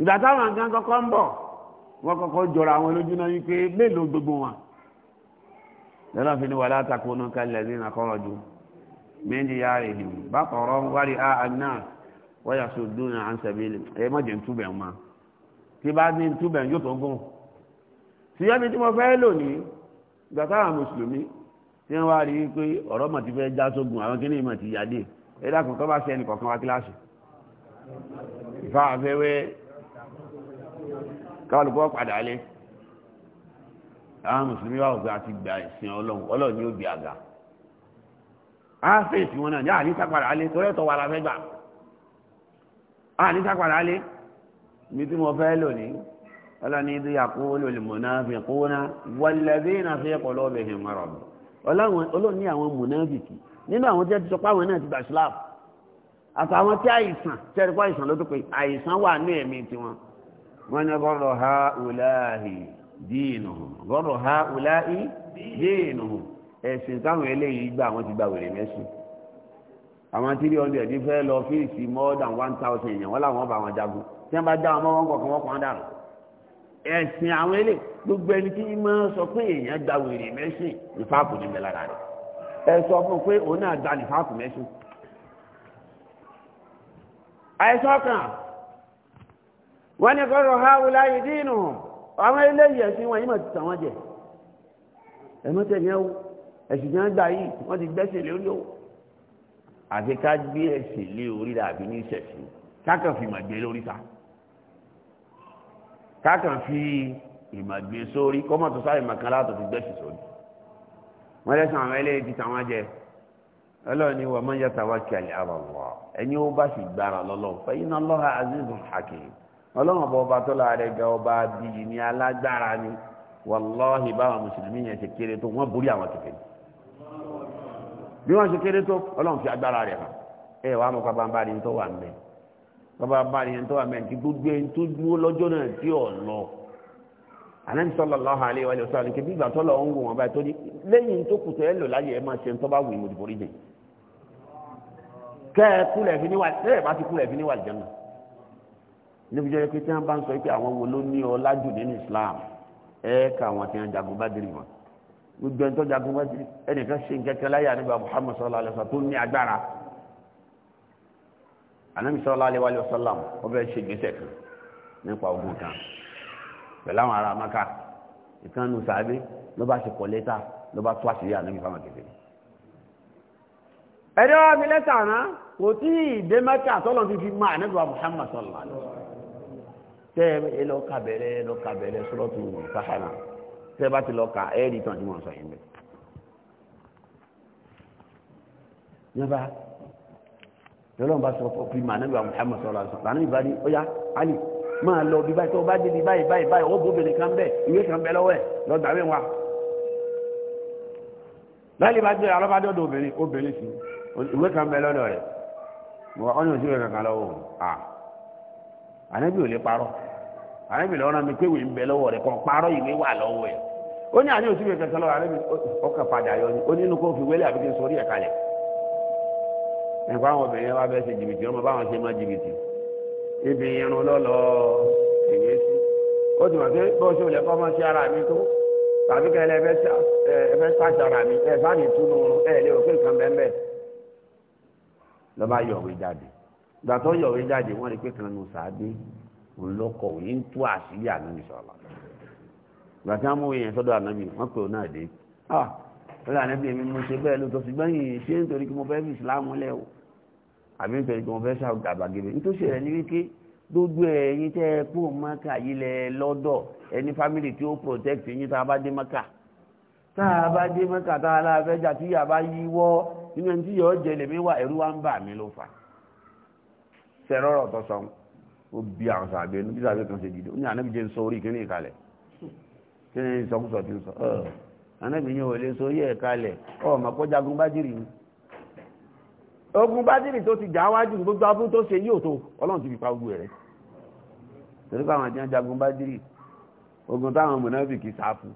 ìgbà táwọn nǹkan kọ́kọ́ ń bọ̀ wọ́n kọ́kọ́ jọra àwọn lójú náà wípé mélòó gbogbo wọn lọ́nà fi ni wà látàkó ní kalẹ̀ ní àkọ́rọ̀ jù méjì yá rẹ̀ a bákan ọ̀rọ̀ wárí àná wọ́yà sọ dúnà à ń sẹ̀bílì ẹ má jẹ́ ń túbẹ̀ wọn tí bá ní túbẹ̀ yóò tó gùn síyẹ́ni tí mo fẹ́ lò ní ìgbà táwọn mùsùlùmí tí wọ́n wá rí i pé ọ̀rọ̀ mà ti fẹ́ já sógun àwọn kí ni ìmọ̀ ti yá dé ẹ dákun kọ́ bá ṣe ẹnì kọ̀ọ̀kan wá kíláàsì káwàlùkọ́ pàdà alẹ́ àwọn mùsùlùmí wà ọ̀gbẹ́ ti gbà ìsìn ọlọ́run ọlọ́run ni ó gbé aga. á fèsì wọn náà ní àníta alẹ́ torí la fẹ́ gbà àníta alẹ́ mi tí mo fẹ́ lò ní ọlọ́ni ìdí àkóólò lìmọ̀náfíkóná wọlẹ̀bí náà fi ẹ̀kọ́ ti náà ti wọ́n ní gọ́rọ̀ ha ùláhì díìnù gọ́rọ̀ ha ùláhì díìnù ẹ̀sìn táwọn eléyìí gbà wọ́n ti gba wèrè mẹ́sìn àwọn tírí ọ̀ndẹ̀ ẹ̀dín fẹ́ lọ fíìsì more than one thousand èèyàn wọ́n làwọn bá wọn jagun tí wọ́n bá dá wọn mọ́ wọn wọ́n kàn dànù ẹ̀sìn àwọn eléyìí gbogbo ẹni tí máa sọ pé èèyàn gba wèrè mẹ́sìn nífàkù ní mẹ́lára rẹ̀ ẹ sọ fún pé òun náà gba nífàkù mẹ́sìn àìsàn kan wọ́n ní gọ́rọ̀ ha wùlá ìdí inú àwọn ilé ìyẹ̀sìn wọn yí mọ̀ títà wọn jẹ ẹ̀mọ́tẹ̀lẹ́ o ẹ̀sùn jẹ́ gbà yìí wọ́n ti gbẹ́sẹ̀ lé orí o àti ká gbé ẹ̀sẹ̀ lé orí dàbí ní ìṣẹ̀sìn kákan fi mà gbé lórí ta kákan fi ìmà gbé sórí kọ́mọ̀ tó sáré màkàn látọ̀ ti gbẹ́sẹ̀ sórí wọ́n lẹ́sàn àwọn ilé ìdí ọlọ́run ọba ọba tó la rẹ̀ ga ọba abiyì ni alágbára ni wàláhì báwọn mùsùlùmí yẹn ṣe kéré tó wọ́n borí àwọn kẹfẹ́ bí wọ́n ṣe kéré tó ọlọ́run fi agbára rẹ̀ hàn ẹ wàá mọ̀ pápá bá ní tó wà mẹ́ pápá bá ní tó wà mẹ́ tí gbogbo ẹni tó dúró lọ́jọ́ náà tí ò lọ ànábì sallallahu alaihi wa sallam kí bígbà tó lọ ń wò wọn báyìí tó ní lẹ́yìn tó kùtọ ẹ lò láyé ẹ máa ṣe tó bá wù í mo dìbò rí jẹ kẹ ẹ kúlẹ̀ fi níwájú ẹ bá ti kúlẹ̀ fi níwájú jẹun náà níbi jẹ́ pé tí wọ́n bá ń sọ pé àwọn wo ló ní ọlá jù nínú Islam ẹ ká wọn tí wọ́n jagun bá diri wọn gbogbo ẹni tó jagun bá diri ẹnìkan ṣe nkẹkẹ láyé àníbà Muhammad sallallahu alayhi wa sallam tó ní agbára ànábì sallallahu alayhi wa sallam wọ́n fẹ́ ṣe gbèsè kan nípa ogun kan pẹ̀lú àwọn ará maka ìkànnù sàbí ló bá ṣe kọ́ lẹ́tà ló bá tó àṣírí ànábì fáwọn kékeré ẹ̀rọ mi lẹ́tà náà kò tí ì dé mẹ́ta tọ́lọ́ tẹ ẹ lọ ka bẹ̀rẹ̀ ẹ lọ ka bẹ̀rẹ̀ sọlọtù fàhálà tẹ bá ti lọ ka ẹ rí tán tí wọn sọ yẹn bẹ. nyaba lọ́lọ́run bá sọ fún mi ànábì Muhammad sọ̀rọ̀ àṣọ lànà ìbáni ọ̀yá Ali máa lọ bí báyìí tó bá débi báyìí báyìí báyìí ọwọ́ bóbìnrin kan bẹ̀ ìwé kan bẹ̀ lọ́wọ́ ẹ̀ lọ́gbà mí wa. láyé bá dé alọ́ bá dọ́dọ̀ obìnrin obìnrin sí ìwé kan bẹ̀ lọ́dọ̀ rẹ̀ wọ́n ní òṣèré kankan lọ́wọ́ ànábì ò lè parọ́. àrẹ́bì lọ́rọ̀ mi pé ìwé ń bẹ lọ́wọ́ rẹ̀ kan parọ́ ìwé wà lọ́wọ́ ẹ̀ ó ní àní òsínwé kẹsàn lọ́wọ́ àrẹ́bì ọkà padà yọ ni ó ní inú kó fi wélé àbíké sórí ẹ̀ kalẹ̀ nípa àwọn obìnrin wa bẹ́ẹ̀ ṣe jìbìtì ọmọ báwọn ṣe máa jìbìtì ibi irun lọ́lọ́ ìwé sí ó ti mọ̀ pé bó ṣe olè kọ́ ara mi tó tàbí kẹ́lẹ́ ẹ fẹ́ sáṣà ara mi ẹ olóko òye ń tú àṣírí ànábì sọlá gbàtí wọn mú yẹn sọ́dọ̀ ànábì wọn pè ó náà dé ah lọ́dọ̀ ànábì mi mo ṣe bẹ́ẹ̀ lóòótọ́ ṣùgbọ́n yìí ṣé nítorí kí mo fẹ́ fi ìsìláàmù lẹ̀ o àbí nítorí kí mo fẹ́ ṣàwọn gàbàgebè nítòsí rẹ̀ ní wíkẹ́ gbogbo ẹ̀yin tẹ́ ẹ kó mọ́kà yìí lẹ lọ́dọ̀ ẹni fámìlì tí ó protect yín tá a bá dé mọ́kà tá a bá dé mọ́kà tá a láfẹ́ jà tí yà bá yí wọ́ inú ẹni tí yọ̀ ọ́ jẹ lèmi wà ẹ̀rú wa ń bà mí ló fà ṣẹ̀rọ̀ ọ̀tọ̀ ó bí àwọn sàbẹ̀ ní bísàbẹ̀ kan ṣe dìde ó ní ànábì jẹ́ ń sọ orí kíní ìkalẹ̀ kí ni ìsọkúsọ ti ń sọ ọ ànábì yẹn ò lè sọ orí ẹ̀ kalẹ̀ ọ mà kó jagun bájírì ni ogun bájírì tó ti jà wájú gbogbo abúlé tó ṣe yóò tó ọlọ́run ti fi pa ogun rẹ̀ torí pé àwọn àti jagun bájírì ogun táwọn mọ̀nàbì kì í sá fún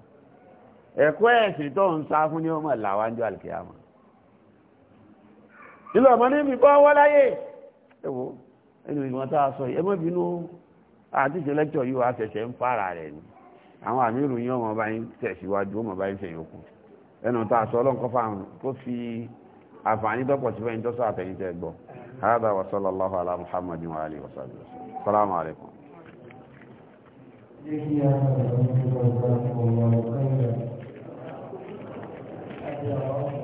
ẹ̀kọ́ ẹ̀sìn tó ń sá fún ní ọmọ làwájú àlùkìyàmọ̀ ìlú ọmọ ní ibi kọ́ wọ́láyé ẹnu ìgbọ́n tá a sọ yìí ẹ má bínú àti ìṣẹlẹ́tọ̀ yìí wà á ṣẹ̀ṣẹ̀ ń fara rẹ̀ ni àwọn àmì ìròyìn ọmọ bá ń tẹ̀síwájú ọmọ bá ń ṣe yòókù ẹnu tá a sọ ọlọ́nkọ́ fáwọn kó fi àǹfààní tọ́pọ̀ sí fẹ́yìn tọ́sọ àtẹ̀yìntẹ́ gbọ́ hádà wa sallallahu ala Muhammadu wa alihi wa sallam salamu Thank you.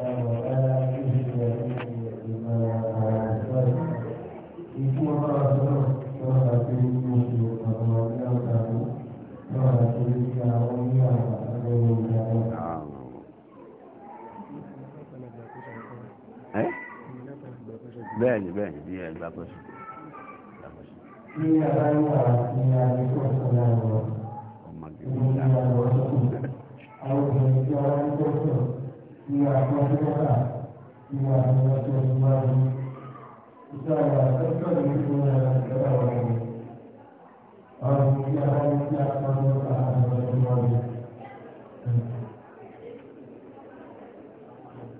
bẹ́ẹ̀ni bẹ́ẹ̀ni bí ẹgbà kó sí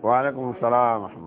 وعليكم السلام ورحمة